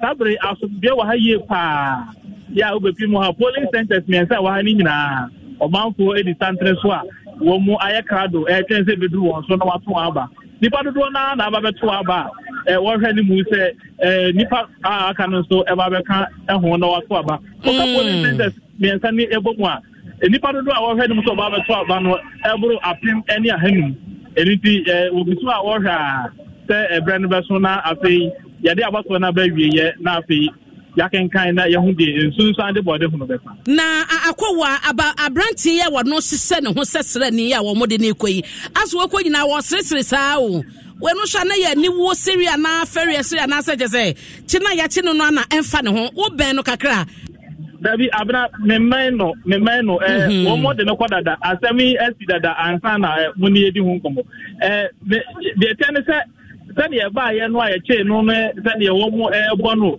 ɛɛ saa ha yie paa yɛ a mu ha polling centres mmiɛnsa wɔ ha ne nyinaa ɔmanfoɔ wɔn mu ayɛ krado ɛretwɛn sɛ ebeduru wɔn so na wato aba nipa dodoɔ naa na aba bɛto aba a ɛɛ wɔhwɛ ne mu sɛ ɛɛ nipa a aka no nso ɛba bɛka ɛho na wato aba ɔkafo ne sentɛs mmiɛnsa ni ɛbɔ mu a nipa dodoɔ a wɔhwɛ ne mu sɛ ɔba bɛto aba no ɛboro apim ɛne ahanum ɛni ti ɛɛ obi so a wɔhwɛ a sɛ ɛbrɛ no bɛso na afei yɛde abatoɔ no aba awie yɛ na afei yɛkenkan na yɛho deɛ nsunsuan de bɔde ho no na akɔwɔ a aberante yɛ wɔno sesɛ ne ho sɛ serɛni a wɔmode ne kɔ yi aso wɔkɔ nyinaa wɔseresere saa o wɔno nso a na yɛ aniwuo seri anaa fɛri ɛsere anaa sɛ kyɛ sɛ kye no a yɛkye no no ana ɛmfa ne ho wobɛn no kakra dabi abena memmɛn no memmɛn no ɛɛ eh, mhm. wɔn mo de no kɔ dada asɛm yi dada ansa na ɛ eh, mo ni yɛ di ho nkɔmɔ ɛɛ eh, deɛ tɛn sɛ sɛdeɛ yɛ no a no no sɛdeɛ wɔn mo no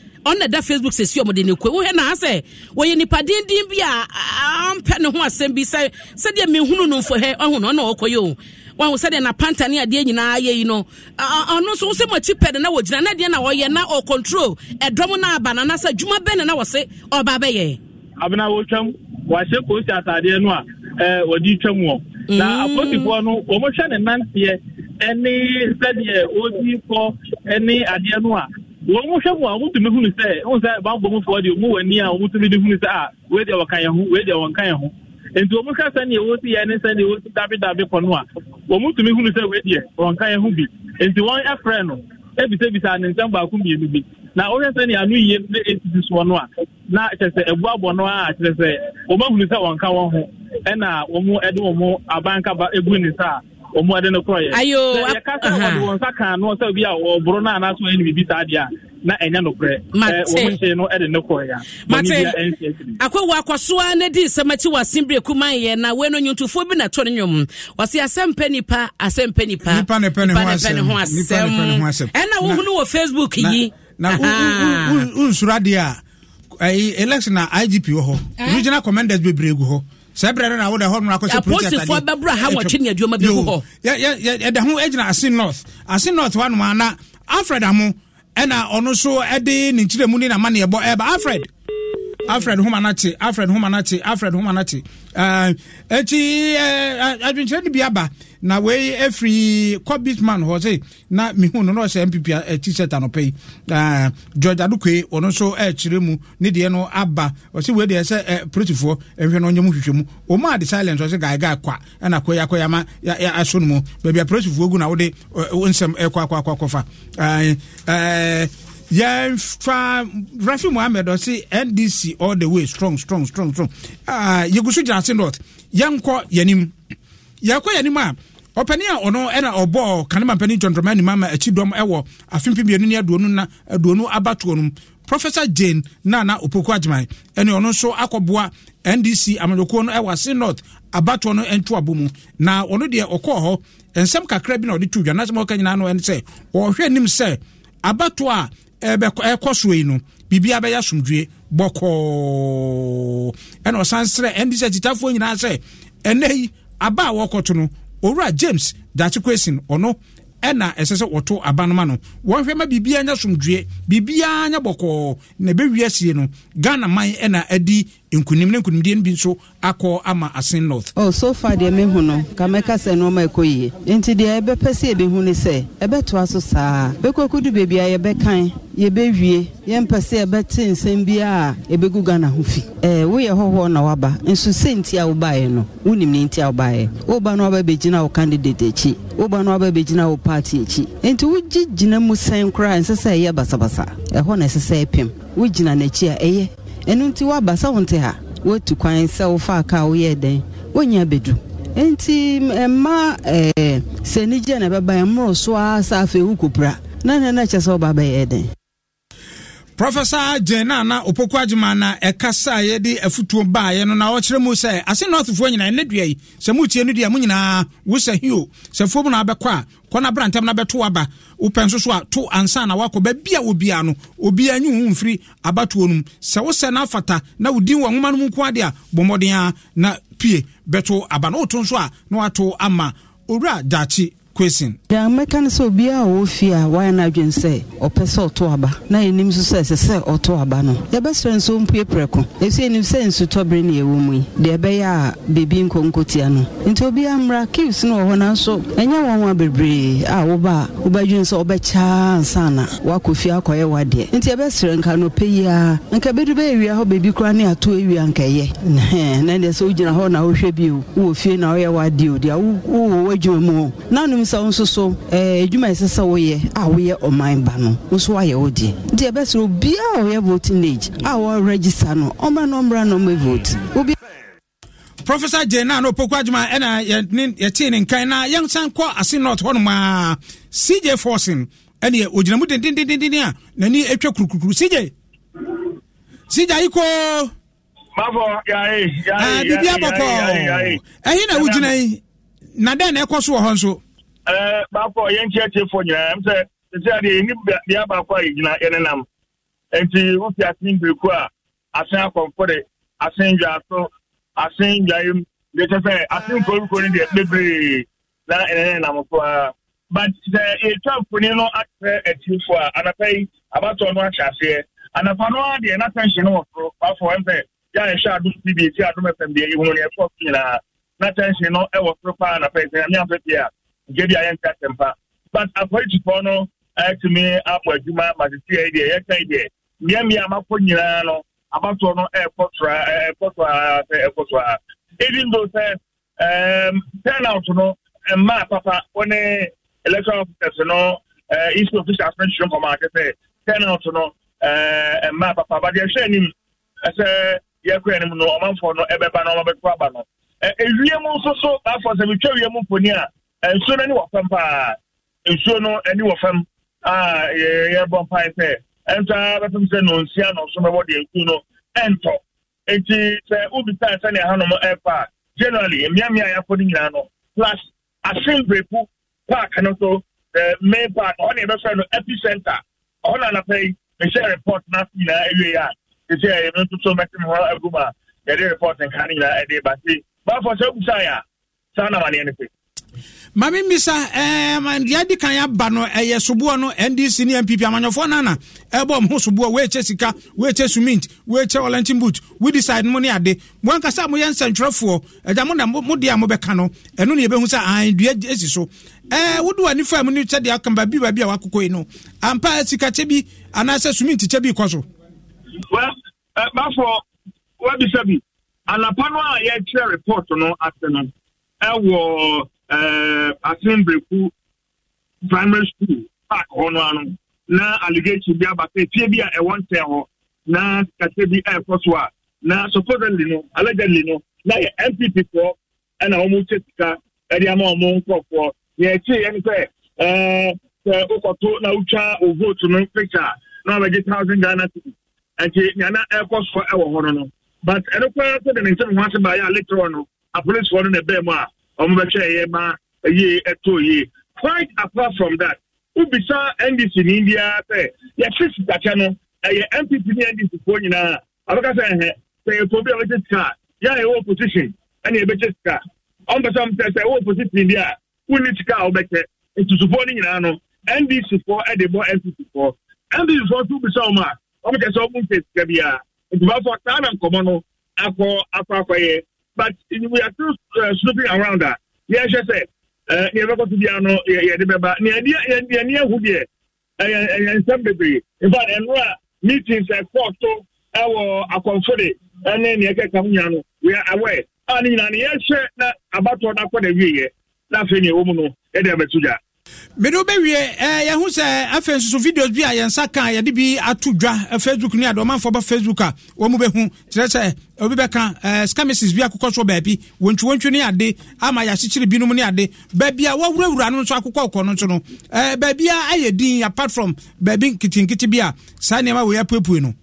ɔna da facebook sɛsi ɔmde ne kue wohɛ naa sɛ wɔyɛ nipa denden bi a ampɛ ne ho asɛm bi sɛ sɛdeɛ mehunu no mfo hɛ o sɛdeɛ adeɛ nyinaa yɛ yi no ɔno nso pɛ na wɔgyina na deɛ na na ɔcontrol ɛdɔm no aba bɛ na wɔse ɔba bɛyɛ abena wɔtwam wahyɛ kosi atadeɛ no a wɔde twam wɔ na mm. apolisifoɔ no ne nanteɛ sɛdeɛ wɔn mo hwɛ mu a wɔn tumi hu ni sɛ wɔn sɛ bambɔ mu fɔ deɛ wɔn wɔ ani a wɔn tumi de hu ni sɛ a wɔn deɛ wɔka yɛn ho wɔn deɛ wɔnka yɛn ho nti wɔn ka sɛ deɛ wɔsi yɛ ne sɛ deɛ wɔsi dabi dabi kɔ e e e no a wɔn tumi hu ni sɛ wɔn deɛ wɔnka ho bi nti wɔn afrɛ no ebisabisa ne nsɛm baako mmienu bi na wɔn sɛ deɛ ano yie ne esisi soɔ no a na kyerɛ sɛ ebu abɔ no a kyerɛ sɛ wɔn ahu ni sɛ wɔnka wɔn ho ɛna wɔn de wɔn abankaba egu ne nsa a ɔmo ade no korɔ yɛ yɛka sɛ wɔde wɔn nsa kan no sɛ obi a ɔboro no anaa so ɛne biribi saa deɛ a na ɛnyɛ nokorɛ wɔmo hye no de no korɔ yɛ mate akɔwɔ akɔsoa na di nsɛm wɔ asembere kuman yɛ na wei no nnwontofoɔ bi na ɛtɔ no nnwom wɔse asɛmpɛ nipa asɛmpɛ nipa nipa ne pɛ ne ho asɛm ɛna wohunu wɔ facebook yi na wonsuro adeɛ a eh, election a igp wɔ hɔ eh? regional commanders bebree gu hɔ sɛ berɛ no na hɔ no bɛbrɛ ha wɔtwe ne aduoma bi gu hɔ yɛda ho agyina ase north ase north wa nom ana alfred amo ɛna ɔno so ɛde ne nkyerɛmu ne namaneɛbɔ ɛba alfred alfred homanate alfred homanate alfred homanate ɛnti adwenkyerɛ no bi aba uh, na wei ɛfiri kɔ bitman hɔ se na mehu no na ɔhyɛ mpp a eh, t-shirt anɔpɛ yi ah, george adokoe ɔno nso ɛkyerɛ eh, mu ne deɛ no aba ɔsɛ wei deɛ sɛ eh, protifoɔ ɛhwɛ no ɔnyɛ mu hwehwɛ mu ɔma ade silence gaa gaa kwa ɛna kɔyɛ ya ama aso no mu beebi a protifoɔ gu na wode wo nsɛm ɛkɔ akɔ akɔfa ah, yɛmfa rafi mohamed ɔse ndc all the way strong strong strong strong uh, a ɔpani a ɔno ɛna ɔbɔ kanema mpani jɔndrɔma ne mama akyi dɔm ɛwɔ afempi mmienu ne aduonu na aduonu abatoɔ no professor jane nana opoku agyeman ɛne ɔno nso akɔboa ndc amanyɔkuo no ɛwɔ ase north abatoɔ no ntoabɔ mu na ɔno deɛ ɔkɔɔ hɔ nsɛm kakra bi na ɔde to dwa nasɛm ɔka nyinaa no ɛne sɛ ɔhwɛ nim sɛ abatoɔ a ɛkɔ soɔ yi no biribia bɛyɛ asomdwe bɔkɔɔ ɛna ɔsan serɛ ndc akyitafoɔ nyinaa sɛ ɛnɛ aba a wɔkɔto no owura james dachikwesin ɔno ɛna ɛsɛ sɛ wɔto aba no ma no wɔnhwɛ ma biribiaa nyɛ somdwe biribiaa nyɛ bɔkɔɔ na ɛbɛwie asie no ghana man ɛna adi nkunim ne nkunimdie no bi nso akɔ ama asen north. oh so far deɛ mehu no kamɛka sɛ nneɛma ɛkɔ yie nti deɛ ɛbɛpɛ sɛ yɛbɛhu ne sɛ ɛbɛtoa so saa bɛkɔkudu baabi a yɛbɛkan yɛbɛwie yɛmpɛ sɛ yɛbɛte nsɛm biara a ɛbɛgu ghana ho fi ɛɛ woyɛ hɔhoɔ na waba nso sɛ nti a wobaeɛ no wonim ne nti a wobaeɛ woba no waba bɛgyina wo candidate akyi woba no waba bɛgyina wo party akyi nti wogye gyina mu sɛn koraa ɛnsɛ sɛ ɛyɛ basabasa ɛhɔ na ɛsɛ sɛ ɛpem wogyina n'akyi a ɛyɛ ɛno nti woaba sɛ wonte ha woatu kwan sɛ wofa ka woyɛ dɛn wonya bɛdu nti mma eh, eh, sɛ anigye na ɛbɛba ɛmmoro so a sɛ afei na na kyɛ sɛ woba bɛyɛ dɛn professor jena na opoku adwuma na ɛkasa yɛde afutuo baeɛ no na ɔkyerɛ mu sɛ ase northfoɔ nyinaa ɛnɛ dua yi sɛ motie no dua mu nyinaa wosɛ hio sɛ fuo mu na abɛkɔ a kɔ no abrantɛm no bɛto aba wopɛ nso so a to ansa na woakɔ baabi a obia no obia nyi wo mfiri abatoɔ no mu sɛ wosɛ na afata na wodin wɔ nwoma no mu nko ade a bɔ a na pie bɛto aba na woto nso a na woato ama owura daakye question. deɛ mɛka ne sɛ obiara a wɔfie a wayɛ no adwene sɛ ɔpɛ sɛ ɔto aba na yɛnim nso sɛ ɛsɛ sɛ ɔto aba no yɛbɛsrɛ nso mpue prɛko ɛfiri yɛnim sɛ nsutɔbere ne yɛwɔ mu yi deɛ ɛbɛyɛ a biribi nkɔnkɔtia no nti obiara mmra caves no wɔ hɔ nanso a woba a wobɛdwene sɛ wobɛkyaa ansa na woakɔ fie akɔyɛ wadeɛ nti yɛbɛsrɛ nka nɔpɛ yi a nka bɛdu bɛyɛ wia hɔ baabi koraa ne ato awia nkɛyɛ *laughs* na deɛ sɛ wogyina hɔ na wohwɛ bio wowɔ fie na woyɛ wadeɛ wohu nso so eh, ɛsɛ sɛ a ɔman ba no so woayɛ wo deɛ nti ɛbɛsɛ obiaa a ɔyɛ voting age a wɔregista no vote professor jane na n'opokwu adwuma ɛna yɛtee ne nkan na kɔ ase north cj forson ɛne ogyinamu dendendenden a n'ani atwa kurukuru cj cj mabɔ na na Eh, baako yɛn kyerɛkyerɛfoɔ nyinaa m sɛ sisi adeɛ yɛni bea baako a yɛgyina yɛne nam nti wofi asen biriku a asen akɔmfore asen dwaaso asen dwaem deɛ kyɛ sɛ asen nkoriko no deɛ bebree na ɛnene nam so a but sɛ yɛtwa mfoni no akyerɛ atifoɔ a anapa yi abatoɔ no ahyɛ aseɛ anapa no a deɛ n'atɛnhyɛ no wɔ soro baafo wɔn sɛ yɛ a yɛhyɛ adum cbc adum fm deɛ yɛhunu no yɛkɔ so nyinaa n'atɛnhyɛ no wɔ soro paa anapa yi sɛ nyame afɛ pii a gyebi a yɛnka asɛmpa but apolitifoɔ no atumi abɔ adwuma masisi yɛ deɛ yɛkan deɛ mmeammea a makɔ nyinaa no abatoɔ no ɛkɔ soa ɛkɔ soa sɛ ɛkɔ soa even though sɛ um, turnout no mmaa papa wɔne election officers no uh, issue officials no nhyerɛ nkɔmɔ akyɛ sɛ turnout no mmaa papa but yɛhwɛ anim sɛ yɛkɔ anim no ɔmanfoɔ no ɛbɛba no ɔmabɛto aba no ɛwie mu nso so baafɔ sɛ metwa wie mu mfoni a nsuo no ani wɔ fam paa nsuo no ani wɔ fam a yɛbɔ mpae sɛ ɛnsa bɛfam sɛ nonsia na ɔso bɛbɔ deɛ nsuo no ɛntɔ nti sɛ wobisa sɛnea hanom ɛfa a generally mmeammea a yɛakɔ no nyinaa no plus asembreku park no so the main park ɔhɔ ne yɛbɛfrɛ no epicenter ɔhɔ no anapa yi mehyɛ report no ase nyinaa awie a sɛ sɛ ɛno nso so mɛteme hɔ agum a yɛde report nka no nyinaa ɛde ba nti baafo sɛ wobisaeɛ a saa na no sɛ maame misa ɛɛ eh, deɛ adi kan aba no ɛyɛ soboɔ no ndc ne npp amanyɔfoɔ nana ɛbɔ ɔmo ho soboɔ wɔɔkyɛ sika wɔɔkyɛ cement wɔɔkyɛ ɔlɛntin boot widi side no mu ne ade mo ankasa mo yɛ nsɛntwerɛfoɔ ɛgya mo na mo deɛ eh, a mo bɛka no ɛno na yɛbɛhu sɛ ahan dua esi so ɛɛ wodo wani ni ne kyɛdeɛ aka baabi baabi a wakoko yi no ampa sika kyɛ bi anaasɛ cement kyɛ bi kɔ so. wɛ ɛ eh, bafo wɛbisa bi anapa no a report no ase no ɛwɔ. Eh, atene mbereku primary school park hɔ no ano na allegation bi abata fie bi a ɛwɔ hɔ na bi a na supposedly no allegedly no na yɛ npp ɛna wɔn ama wɔn yɛn sɛ ɛɛ eh, na o vote no picture na thousand ghana cedis nea na so ɛwɔ but sɛ de ne nsɛm ho ase yɛ a later on no apolisifoɔ a. ɔmo bɛkyɛ ɛyɛ ma yie ɛtɔ yie quite apart from that ubisa ndc ní india sɛ yɛfi sikakyɛ no ɛyɛ npp ní ndc fo nyinaa abɛka sɛ ɛhɛ sɛ yɛ fo bi a wɔbɛkyɛ sika yɛn a yɛwɔ opposition ɛna yɛbɛkyɛ sika ɔmo bɛsɛ ɔmo sɛ sɛ ɛwɔ opposition bi a wunni sika a wɔbɛkyɛ ntutufoɔ no nyinaa no ndc fo ɛde bɔ npp fo ndc fo nso ubisa ɔmo a ɔmo kyɛ sɛ ɔmo nkyɛ sika biara ntoma fo saa na nkɔmɔ no akɔ akɔ akɔyɛ but we are still uh, snooping around that. Yeah, she said, uh, near Bako be yeah, the member, near near near who there, uh, and some degree. In fact, and Ra meetings our uh, and then we are And in an about what mede wobɛwie yɛho sɛ afei nso so videos bi a yɛnsa ka yɛde bi ato dwa facebook ne ade ɔmanfoɔ ba facebook a wɔmu bɛhu kyerɛ sɛ obi bɛka scamises bi akokɔ so baabi wɔntwiwɔntwi ne ade ama yɛakyekyere binom ne ade baabi a wɔawurawura no nso akokɔ kɔ no nso no baabi a ayɛ din apart from baabi nketenkete bi a saa nneɛma wɔyɛ apuepue no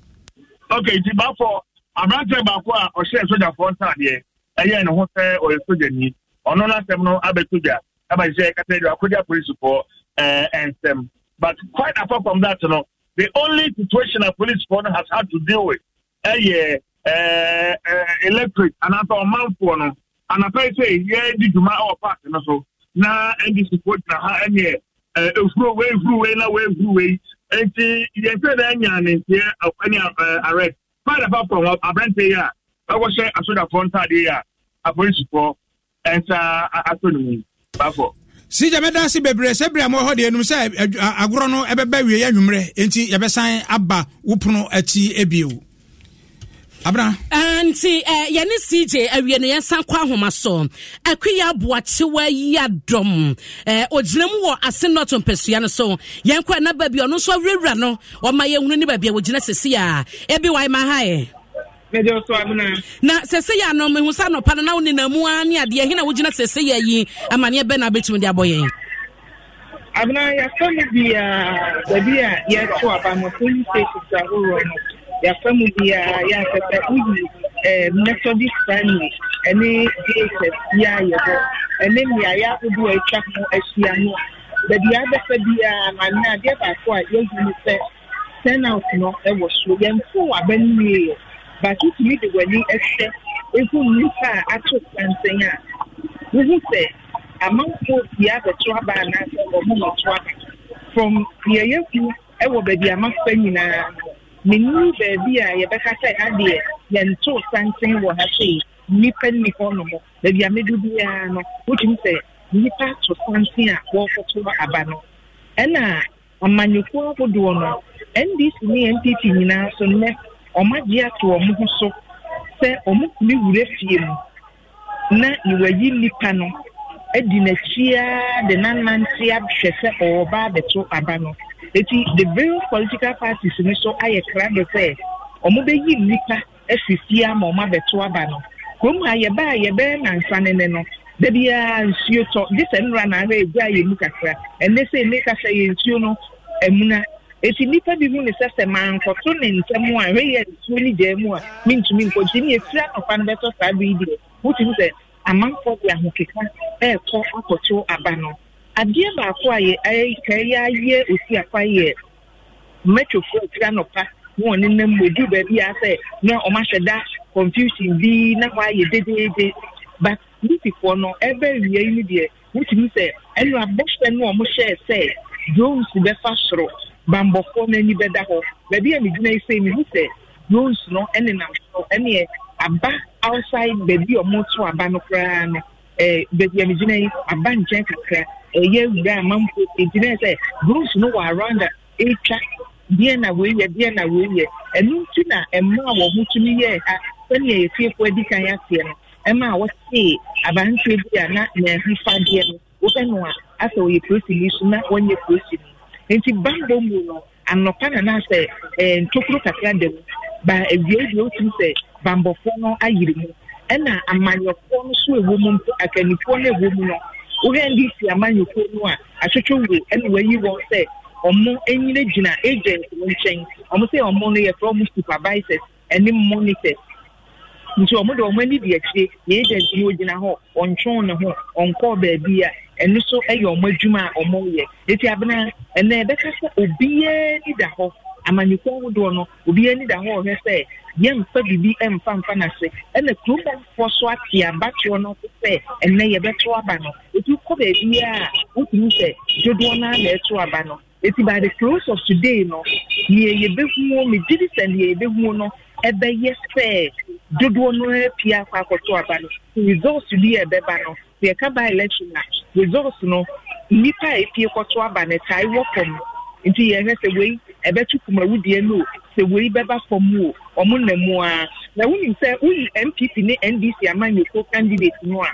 okay nti baafɔ aberanteɛ baako a ɔhyɛɛ sogyafoɔ ntadeɛ ɛyɛ ne ho sɛ ɔyɛ sogyani ɔno no asɛm no I'm say, I could have police for and But quite apart from that, you know, the only situation a police force has had to deal with, uh, yeah, uh, uh, electric, and after a month, you know, and I say, yeah, did you matter part, you know, so now, any support, now any, and yeah, uh, if you away, if you now, if you away, and see, you said, and any, of any arrest. Quite apart from a brand here, I was saying, I should have fronted here, a police force, and uh, I couldn't bafo. si jɛmɛda si bebree sɛ bere a mɔhɔ deɛ num sɛ agorɔ no ɛbɛbɛ wie yɛ nwummerɛ enti yɛbɛsan aba eh, eh, eh, wo pono ebio abra nti yɛne cj awie no yɛnsan kɔ ahoma so akuya aboakyewa yi adɔm ɔgyina mu wɔ ase nɔto mpɛsua no so yɛnkɔ ɛna baabi ɔno nso awerɛwura no ɔma yɛhunu ne baabi a wɔgyina sɛsi a ebi wae ma hae na sese yɛ anɔ mehu sa nɔpa no na wo nenamu a ne adeɛ wogyina sese yɛ yi amanneɛ bɛ na wobɛtumi de abɔ yɛn abena yɛfa mu biaa baabi a yɛto aba no polin stations ahoroɔ no yɛfa mu biaa yɛankɛ sɛ woyi eh, methodist family ɛne dhs yi a yɛbɔ ɛne mmeaeɛ ahodoɔ a atwa ho ahyia no baabi a bɛfa biaa mane adeɛ baako a yɛhu no sɛ turnout no wɔ soro yɛmfo aba no yieyɛ baako tumi de w'ani ɛhwɛ ehu nnipa a ato santen a wohu sɛ amanfoɔ pia abɛto aba anaasɛ wɔn uh, na ɔto aba from deɛ yɛhu ɛwɔ baabi amanfoɔ nyinaa menim baabi a yɛbɛka sɛ adeɛ yɛnto santen wɔ ha sei nnipa nni hɔnom baabi a medu biara no wotumi sɛ nnipa ato santen a wɔrekɔto aba no ɛna amanyɔkuo ahodoɔ no ndc ne npp nyinaa so nnɛ ɔmo agye ato ɔmo ho so sɛ ɔmo tumi wura fie mu na wɔayi nipa no adi n'akyi ara de n'anante ahwɛ sɛ ɔwɔba abɛto aba no eti the various political parties ni so ayɛ krado sɛ ɔmo bɛyi nipa afi fie ama ɔmo abɛto aba no kurom a yɛba a yɛbɛyɛ nansa ne ne no dabi a nsuo tɔ gye sɛ nnura na ahwɛ egu a yɛ mu kakra ɛnɛ sɛ ɛnɛ kasa yɛ nsuo no ɛmuna eti nipa bi hu ne sɛ sɛ maa nkɔto ne ntɛm a reyɛ nsuo ne gyaa mu a mentumi nkɔgye ne efiri anɔpa no bɛtɔ saa bere deɛ wotumi sɛ amanfoɔ de ahokeka ɛrekɔ akɔto aba no adeɛ baako a yɛ ɛka yɛ ayɛ osi akwa yɛ mmetwofoɔ efiri anɔpa wɔn nenam mu edu baabi a sɛ na wɔn ahyɛ da confusion bi na hɔ ayɛ dedeede but nitifoɔ no ɛbɛwie yi no deɛ wotumi sɛ ɛnu abɔhyɛ no a wɔn hyɛ sɛ drones bɛfa soro bambɔfoɔ n'ani bɛda hɔ baabi a medwuma yi sɛ mehu sɛ drones no nenam so ɛneɛ aba outside baabi a ɔmoto aba no koraa no ɛɛ baabi a medwuma yi aba nkyɛn kakra ɛyɛ awura a mampo sɛ drones no wɔ around a ɛretwa deɛ na wɔyɛ deɛ na wɔyɛ ɛno nti na mmaa a wɔn ho tumi yɛ ha sɛnea yɛfiefoɔ adi kan aseɛ no mmaa a wɔte abanteɛ bi a na na ɛho fadeɛ no wɔbɛnoa asɛ wɔyɛ polisi ni so na wɔnyɛ polisi ni nti bambɔ mu no anɔpa na na sɛ ɛɛ eh, ntokuro kakra da ba ewia ewia otum sɛ bambɔfoɔ no ayiri mu ɛna amanyɔfoɔ no so ewo mu mpo akannifoɔ no ewo mu no wohɛ ndc amanyɔfoɔ no a atwitwo wuro ɛna wɔayi wɔn sɛ ɔmo enyina gyina agent no nkyɛn ɔmo sɛ ɔmo no yɛfrɛ ɔmo supervisors ɛne monitors nti ɔmo de ɔmo ani di akyire na agent no gyina hɔ ɔntwɛn ne ho ɔnkɔɔ baabi a ɛno nso yɛ ɔmo adwuma a ɔmo yɛ eti abena ɛnna ɛbɛka sɛ obiara ni da hɔ amanyɔkuo ahodoɔ no obiara ni da hɔ ɔhwɛ sɛ yɛmfa biribi mfa mfa n'ase ɛna kuromɔfoɔ so ate abatoɔ no so sɛ ɛnna yɛbɛto aba no etu kɔ baabi a wotumi sɛ dodoɔ naa na ɛto aba no eti by the close of today no nea yɛbɛhuo megye di sɛ nea yɛbɛhuo no ɛbɛyɛ e sɛ dodoɔ no apie e akɔ akɔto aba no results bi a e ɛbɛba no ka ba election a results no nnipa a epie aba no taa ɛwɔ fam nti yɛhwɛ sɛ wei ɛbɛtu kumawudie no o sɛ wei bɛba fam o ɔmo nna mu a na wonim sɛ woyi npp ne ndc amanyɔkuo candidate no a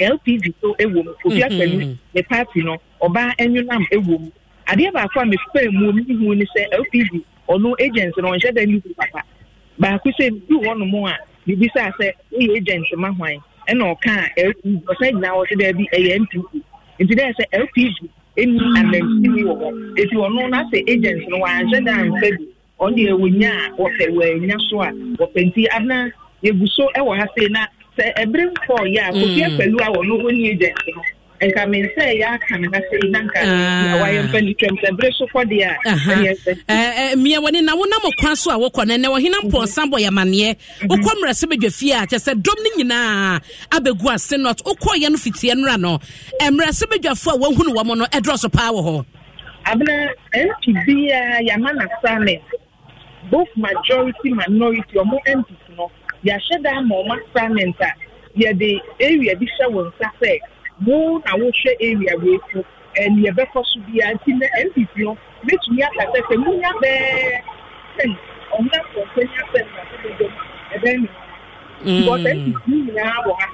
lpv so ɛwɔ mu obi akɔnu mm-hmm. ne party no ɔbaa ɛnwonam ɛwɔ mu adeɛ baako a mefa mu ne hu ne sɛ lpd ɔno agent no ɔnhyɛ dɛ nefu papa baako sɛ medu hɔ nom a mebisaa sɛ woyɛ agent ma hwan ɛna ɔka a lpd ɔsan gyina hɔ sɛ daabi ɛyɛ npp nti dɛ sɛ lpd ɛni e anantini wɔ hɔ ɛti ɔno no asɛ agent no wɔanhyɛ dɛ amfa bi ɔno deɛ wɔnya a wɔpɛ wɔanya so a wɔpɛ nti ana yɛgu so ɛwɔ e ha sei na sɛ ɛbere nkɔɔ yɛ a kofi apɛlu a wɔno wɔni agent no nka na na a mmea wɔne na wonam ɔkwa so mm-hmm. a mm-hmm. wokɔ no ɛnɛ wɔhena mpɔnsa bɔ fie a kyɛ sɛ dɔm no nyinaa abɛgu ase not wokɔɔyɛ no fitiɛ nnora no mmerɛsɛ badwafo a wɔahunu wɔ m no so paa wɔ hɔ both majority minority no ama a area bi mo na wohwɛ area wei so ɛne yɛbɛkɔ so biara nti na npp no mɛtumi aka sɛ munya bɛɛ sɛn ɔhena kɔnkɔn nya sɛn na sɛ bɛdɛ ɛbɛn ne bɔ npp nyinaa wɔ ha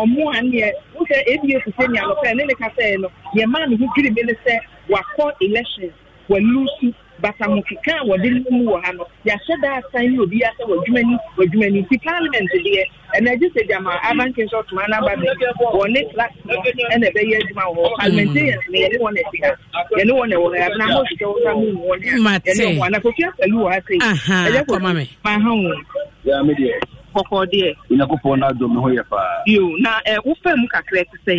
ɔmo a neɛ wohwɛ ada sise nea no ne ne ka no yɛ maa ne ho dwiri mi ne sɛ wakɔ election walusu batamofika a wɔde no mm. mu wɔ ha no yɛahyɛ da asan ne obi mm, asɛ wɔadwumani wɔadwumani nti parliament deɛ ɛna agye sɛ gyama abanke nso ɔtoma no aba bɛ wɔne class no ɛna ɛbɛyɛ adwuma wɔ hɔ parliamentarians no yɛne wɔn ɛte ha yɛne wɔn ɛwɔ ha na mosika wɔ sa mu mu wɔn yɛne wɔn na kofi asalu wɔ ha sɛ ɛyɛ kɔ maha wo kɔkɔɔ deɛ onyankopɔn no adom ne yɛ paa yo na wofɛ mu kakra te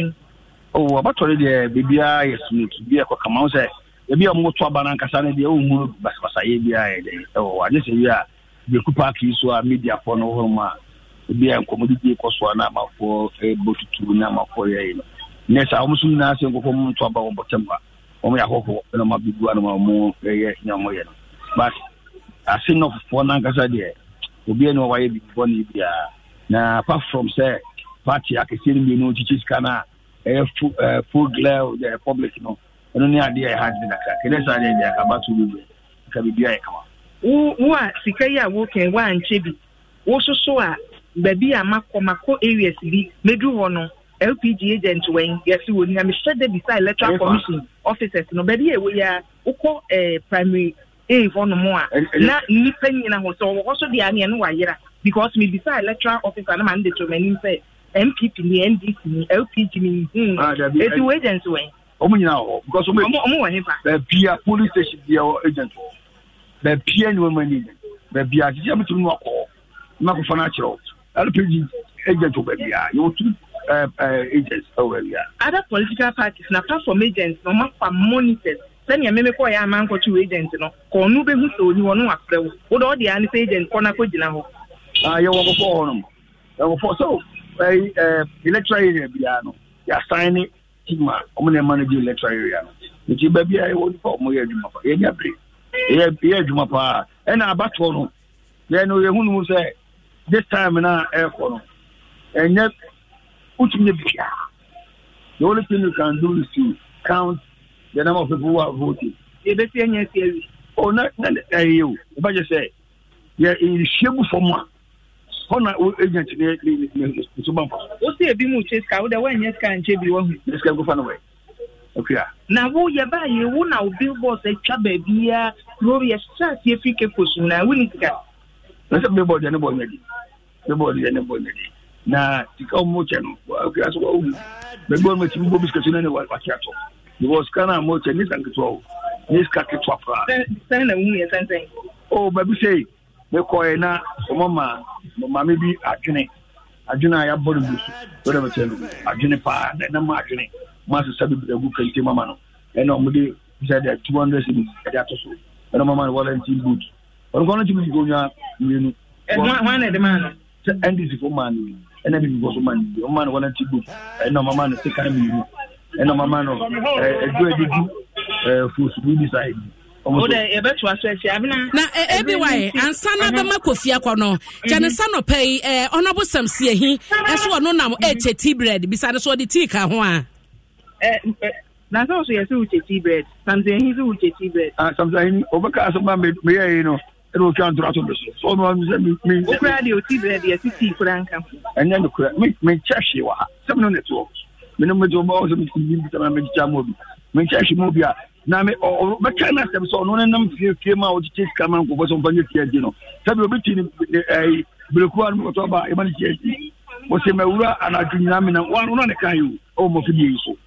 ebi a wɔn to aba nankasa no deɛ ohun basabasayɛ bi a yɛ dɛ ɛwɔ wɔ sɛ bi a beku paaki so a media fo no hɔ mu a ebi a nkɔmɔdidi kɔ so a na amafoɔ ɛbɔ tutu na amafoɔ yɛ yɛ nɛ saa wɔn nso nyinaa sɛ nkɔfɔ wɔn to aba wɔn bɔtɛm a wɔn yɛ ahɔhoɔ ɛna wɔn abibu anam a wɔn ɛyɛ nyɛmɔ yɛ no but ase nɔfofoɔ nankasa deɛ obi ɛni wɔayɛ bi fɔ ne bi a na apart from sɛ party akɛseɛ no mmienu kyikyi sika no ɛyɛ e, full glare the republic e, no ɛno ne adeɛ a ɛha dwene nakra kɛdɛ saa deɛ deɛ akaba to bebrɛ aka biribia yɛ kama wo a sika yi a wokɛn woankyɛ bi wo soso a baabi a makɔ makɔ areas bi mɛdu hɔ no lpg agent wɛn yɛsi wɔ ni na mehyɛ da bi electoral commission officers no baabi eh, a ɛwɔ yi a wokɔ ɛɛ primary aid hɔnom a na nnipa nyina ho sɛ ɔwɔ hɔ so deɛ aneɛ no wayera because mebisa electoral officer no ma no de to m'anim sɛ npp ni ndc ni lpg ni hu eti wɔ agent wɛn ọmụ nyina hɔ because ọmụ ọmụ wọ nipa baabi a police station bi ɛwɔ agent wɔ baabi a nyɛma ni agent baabi a sisi amitumi no akɔ n'akɔfa n'akyerɛw lpg agent wɔ baabi a yɛwɔ two agents ɛwɔ baabi a. other political parties na apart from agents na ɔmo afa monitors sani mmemme kɔ ya ama nkɔtu agent no ka ɔno behu sɛ oni wɔn wafrɛ wo o de ɔde ani sɛ agent kɔ n'akɔ gyina hɔ. Ah, yɛwɔ nkɔfɔ hɔ nom nkɔfɔ so eh, eh, electoral area bi ya no yɛ assign team a ɔmo na ɛma electoral area no nti baabi a ɛwɔ nipa ɔmo yɛ adwuma pa yɛn abiri yɛ yɛ adwuma paa ɛna abatoɔ no yɛn no yɛhu no sɛ this time na ɛɛkɔ no ɛnyɛ wotumi yɛ bia the only thing you can do is to count the number of people who are voting. ebesi enye esi ewi. o na na ɛyɛ o ɛbɛgye sɛ yɛ ehyia gu fam a hɔ na ɛnya kyene nsoba mfa so wo sɛ ebi mu kyɛ sika wodɛ woanyɛ sika nkyɛ bi wahu sika nkofa no wɛ akua na wo yɛbaa yɛ wo na wo billboard atwa e baabiaa kuro yɛhyɛ aseɛ fi keko so na wone sika na sɛ billboard yɛ ne bɔ nyadi billboard yɛ ne bɔ nyadi na sika ɔmo kyɛ no akua so wawu baabi wɔn akyi bɔ bisikɛsi no ne wake atɔ because sika no a mo ne sika nketewa o ne sika ketewa paa sɛn na wo yɛ sɛnsɛn o oh, baabi sɛ mekɔɛ na ɔmama maame bi adwene adwene a yɛabɔ no gu so wɛdɛ bɛkyɛ no adwene paa na ma adwene ma asesa bebree agu kente mama no ɛna ɔmode bisa de two hundred cities ɛde ato so ɛna mama no wɔlɛntin boot ɔno kɔn no kyimi ko nwa mmienu ɛhwan na ɛde maa no sɛ ndc fo maa no ɛna bibi fo so maa no ɔmama no wɔlɛntin boot ɛna ɔmama no sekan mmienu ɛna ɔmama no ɛdwo ɛde gu ɛɛ na ebi e wae ansa na bɛma kofie akɔ no kyɛne mhm. sa nɔpɛ yi ɔnɔbo sɛm siehi ɛso ɔno nam mhm. ɛkyɛ tea bread bisa no so ɔde tea ka ho a na sɛ ɔso yɛsɛ wokyɛ tea bread samsahi sɛ wokyɛ tea bread samsahi ah, ɔbɛka sɛ ma meyɛi no ɛna ɔtwa ntoro ato do so ɔno ano sɛ mewokora deɛ ɔti berɛ deɛ ɛsi tii kora nka ɛnyɛ nokora menkyɛ hwee wɔ ha sɛm no ne toɔ menom mede ɔma wɔ sɛ metim bi mbitama megyikya ma obi menkyɛ hwe ma obi a na me bɛka no asɛm sɛ ɔno no nam fiefie ma a ɔgyekye sika ma nkɔfɔ sɛ ɔmfa nyɛ fie adi no sɛbi obɛti ne berekuwa no mkɔtɔ aba ɛma no fie adi wɔsɛ mawura anadwo nyina me nam wano ne kae o ɔwɔ mɔfidie yi so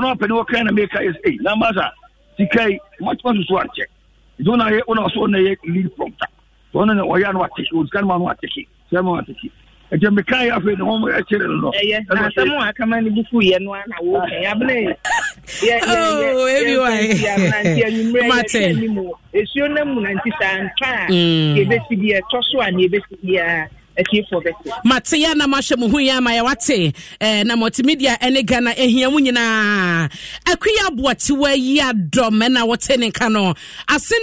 nti na meka yɛ sɛ na mba sa sika yi matoma susu ankyɛ nti wona yɛ wona ɔsɛ ɔna yɛ lead prompter ɔno ne ɔyɛ no ateke ɔsika no ma no ateke sɛ ma ateke nti mekae afei ne hɔ ɛkyerɛ no no ɛyɛ asɛm a akama no bu fuyɛ no ana wɔkɛ abene esuo no mu nanti saa ntɔ a yɛbɛsi deɛ ɛtɔ so a na yɛbɛsi biara mate yɛ na mahyɛ mo ho yɛ ama yɛwate eh, na multimedia ne ghana ahia mu nyinaa akwi aboatewa yi na wɔte ne ka no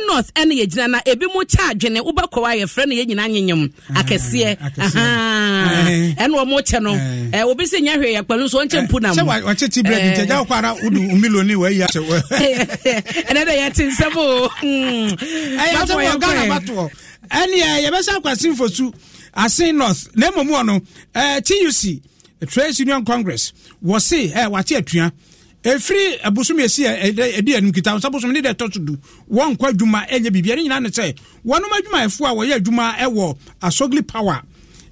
north ne yɛgyina na ebi kyɛ adwene wobɛkɔ a yɛfrɛ no yɛnyina nyenyem ah, akɛseɛ ɛne ɔmo kyɛ no eh. Eh, obi sɛ nyɛ hwee ya no nso ɔnkyɛ eh, mpu nam *laughs* dɛ yɛte nsɛm asen north na mmom wɔ no eh, tuc trade union congress wɔ se eh, wate atua ɛfiri abosom yɛsi ɛdi eh, anum kita nsa bosom ne deɛ ɛtɔ so du wɔnkɔ adwuma ɛnyɛ biribia ne nyinaa ne sɛ wɔnom adwumayɛfoɔ a wɔyɛ adwuma ɛwɔ asogli power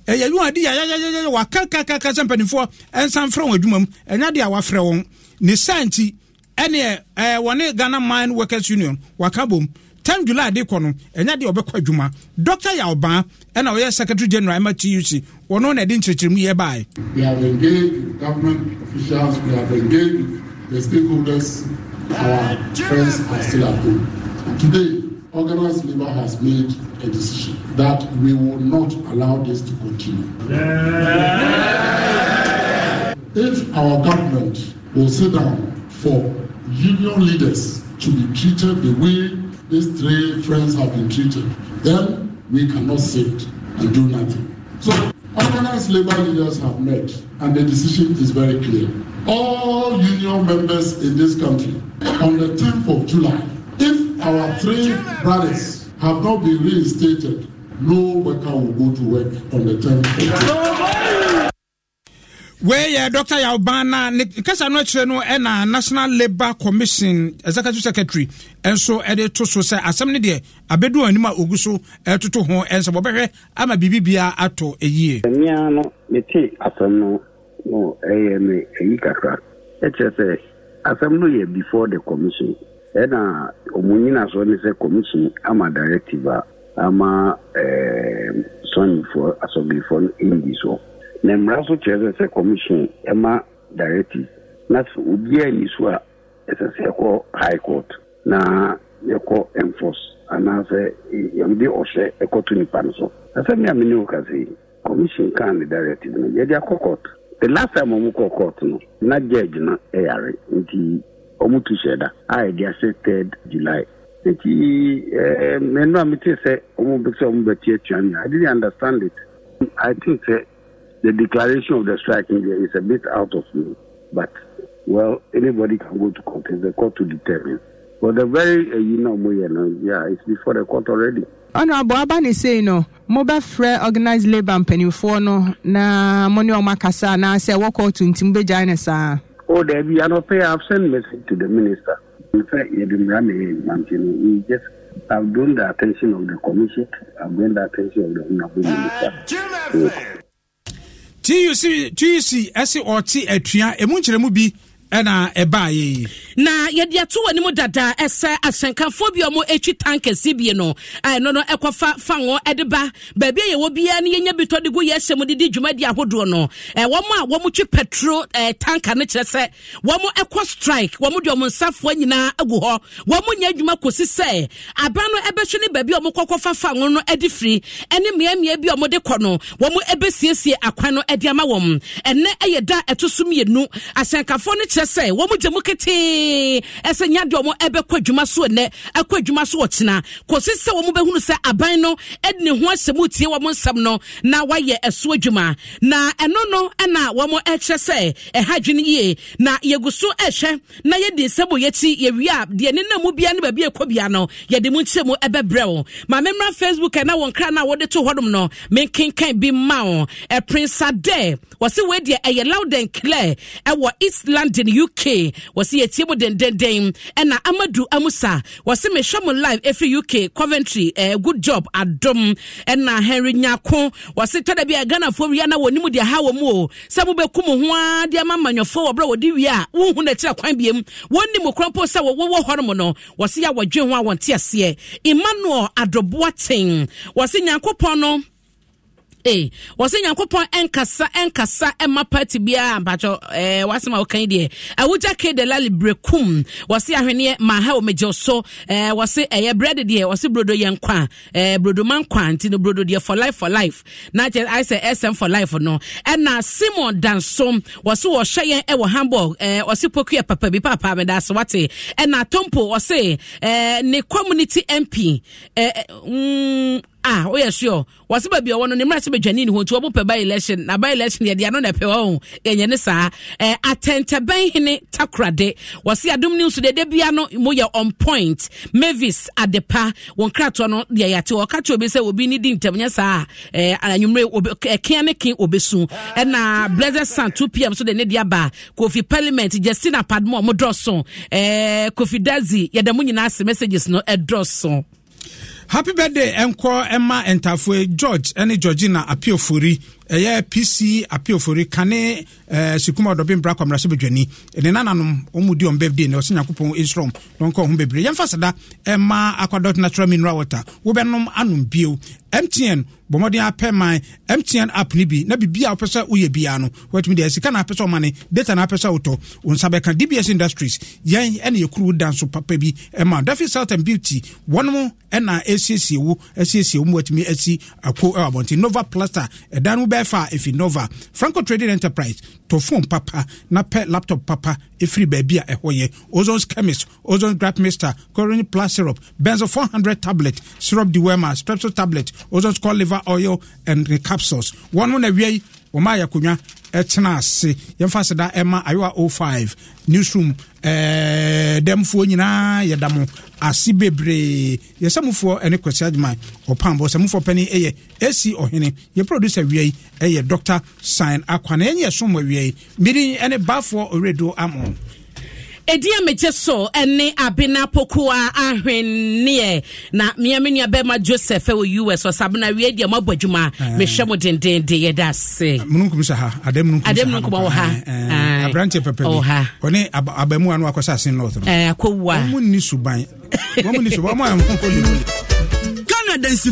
ɛyɛ adwuma de yɛyɛyɛyɛ wakakakaka sɛ mpanimfoɔ ɛnsan frɛ wɔn adwuma mu ɛnya de a wafrɛ wɔn ne sa nti ɛneɛ ɛɛ wɔne ghana mine workers union waka bom 10 july de no ɛnya deɛ ɔbɛkɔ adwuma dr yawban ɛna ɔyɛ secretary general mtuc wɔno na ɛde nkyerɛkyerɛmu yɛ baeɛ We have engaged government officials, we have engaged the stakeholders, our friends are still at home. Today, organized labor has made a decision that we will not allow this to continue. Yeah. If our government will sit down for union leaders to be treated the way these three friends have been treated, then we cannot sit and do nothing. So organized labor leaders have met, and the decision is very clear. All union members in this country, on the 10th of July, if our three brothers have not been reinstated, no worker will go to work on the 10th of July weyɛ dr yaobana ne kasa no akyerɛ eh, no ɛna national labour commission executive eh, secretary ɛnso eh, ɛde to so sɛ asɛm no deɛ abɛdu anim a ɔgu so ɛtoto ho ɛnsɛ bɔbɛhwɛ ama biribibia atɔ ɛyie mea no mete asɛm no no ɛyɛ me ɛyi kakra ɛkyerɛ sɛ asɛm no yɛ before the commission ɛna ɔmo nyina ne sɛ commission ama directive a ama sɔnyifoɔ asɔgrifoɔ no ɛndi so na mmara nso kyerɛ sɛ sɛ commission ɛma directive na sɛ obiara ni so a ɛsɛ sɛ yɛkɔ high court na yɛkɔ enforce anaasɛ eh, yɛde ɔhyɛ ɛkɔto nipa no so na sɛ mea mene wo ka sɛ commission kaa ne directive no yɛde akɔ court the last time ɔmo kɔ court no na judge no ɛyare nti ɔmo tu hyɛ da a yɛde ahyɛ third july nti ɛɛ eh, menu a mete sɛ ɔmo bɛ sɛ ɔmo bɛti atua no i didn't understand it i think sɛ the declaration of the strike in there is a bit out of me, but well, anybody can go to court. It's the court to determine. But the very, uh, you know, yeah, it's before the court already. honorable abani sei no mobɛfrɛ organized labour mpanimfoɔ no na mo ne ɔmo akasa anaasɛ wɔkɔ to nti mobɛgyae ne saa oh daabi anɔpɛ i have sent message to the minister in fact yɛde mmara ma yɛn just have drawn the attention of the commission have drawn the attention of the minister tuc ɛsi ɔte atua emu nkyerɛmu bi ɛna ɛbaa yi. na yɛde ato wɔ dada ɛsɛ asɛnkafo bi a wɔn atwi tan kɛse bi no ɛno no ɛkɔfa fa wɔn ba baabi a yɛwɔ biara no bi tɔ de di ahodoɔ no a wɔn twi petro tanka no kyerɛ sɛ wɔn ɛkɔ strike wɔn de wɔn nsafoɔ nyinaa agu hɔ wɔn nyɛ adwuma kɔsi sɛ aba no baabi a wɔn kɔkɔ fa fa wɔn firi ɛne bi a kyerɛ sɛ wɔn gye mu ketee ɛsɛ nya deɛ wɔn ɛbɛkɔ adwuma so nɛ ɛkɔ adwuma so ɔtena kɔsi sɛ wɔn bɛhunu sɛ aban no ɛde ne ho asɛm tie wɔn nsɛm no na wayɛ ɛso adwuma na ɛno no ɛna wɔn ɛkyerɛ sɛ ɛha dwene yie na yɛgu so ɛhwɛ na yɛde nsɛm yɛkyi yɛwia deɛ ne nam bia ne baabi ɛkɔ bia no yɛde mu nkyɛn mu ɛbɛbrɛ wɔn maame mmerɛ facebook ɛna wɔn kra na wɔde to hɔnom no menkenkan bi ma wɔn ɛprinsadɛ wɔsi wei deɛ ɛyɛ loud and clear ɛwɔ east london the UK wɔsi den den den ena Amadu Amusa wɔsi mehwɛ mu live every UK Coventry eh, good job adum ena Henry Nyako wasi tɔdɛ bi a Ghanafoɔ wia na wɔn nimu deɛ ha wɔ mu o sɛ mo bɛ kum ho aa deɛ ama amanyɔfoɔ wɔ berɛ wɔde wia a wohu na akyerɛ kwan biem wɔn ni mu korɔ mpo sɛ no wɔsi yɛ a wɔdwe ho a Emmanuel Adoboaten wasi Nyankopɔn no a wɔ sɛ nyankopɔn ɛnkasa ɛnkasa ɛma party biara mpatwɔ ɛɛ eh, wasɛm a wɔkan deɛ awogya ke de lali brekum wɔ se ahweneɛ maa ha wɔ megye so ɛɛ eh, wɔ se ɛyɛ bread deɛ wɔ se brodo yɛ nkwa ɛɛ eh, brodo ma nkwa nti no brodo deɛ for life for life na kyɛ ayi sɛ ɛsɛm for life no ɛna simon dansom wɔ se wɔhyɛ yɛn ɛwɔ hamburg ɛɛ wɔ se pokua papa bi papa mi da wate ɛna tompo wɔ ne community mp mm, ah woyɛ oh, sure wɔse baabi ɔwɔ no ne mmerɛ sɛ bɛdwane ne ho nti wɔbopɛ ba election na ba election yɛde ano na ɛpɛ wɔ ho yɛnyɛ ne saa eh, atɛntɛbɛn hene takorade wɔse adom ne nso dede bia no mu yɛ on point mavis adepa wɔn kratoɔ ah, no deɛ yɛate wɔka kyerɛ obi sɛ obi ne di ntɛm nyɛ saa eh, anwummerɛ ɛkea ne ke obɛsu ɛna blessed sun 2 pm so de ne de aba kofi parliament justina padmo ɔmo dɔɔso eh, kofi dazi yɛda mu nyinaa ase messages no ɛdɔɔso happy birthday nkɔ ɛma ntafoe george ɛne georgina apiofori ɛyɛ pc apiofori kane ɛɛ eh, sukuma ɔdɔbi mbra kwamra so bedwani ɛne nananom ɔmu di ɔn birthday na ɔsi nyankopɔn esurom na ɔnkɔ ɔho bebree yɛmfa sada ɛma akwadɔt natural mineral water wobɛnom anom bio mtn bɔmmɔden apɛ man mtn app no bi na biribi a wopɛ sɛ woyɛ biara no watumi deɛ sika na apɛ sɛ data na apɛ sɛ wotɔ wo nsa bɛka dbs industries yɛn ɛne yɛkuro da nso papa bi ma dafi south and beauty wɔnom ɛna ɛsiesie wo asiesie wo mu watumi asi ako ɛwɔ abɔnten nova plaster ɛdan no bɛɛfa a ɛfi nova franco trading enterprise tɔ phone papa na pɛ laptop papa ɛfiri baabi a ɛhɔ yɛ ozones chemist ozone grap mister corin plus syrup benzo 400 tablet syrup diwema strepsil tablet also called liver oil and capsules wɔn mo na awia yi wɔn ayɛ akonnwa ɛtena ase yɛmfa se da ɛma ayowa 05 newsroom ɛɛ eh, dɛmfoɔ nyinaa yɛda mo ase bebree yɛsɛmufoɔ ɛne kwasi adwuma ɔpambɔ sɛmufoɔ panyin ɛyɛ esi ɔhene yɛ producer wia yi ɛyɛ doctor sign akwana yɛnyɛ som wɔ wia yi mmiri ɛne baafoɔ ɔredo amo ɛdi amegye so ɛne abena pokoa ahwenneɛ na mmea me nua bɛma joseph wɔ us ɔsabena wie deɛ moabɔ adwuma mehwɛ mo dendende yɛda ase mununkum sɛ ha adɛ mununkum wɔ ha aberanteɛ pɛpɛ bi ɔne abamuwa no akɔsɛ ase north no akɔwua ɔmo nni suban ɔmo nni suban ɔmo a ɛho kɔ ne mu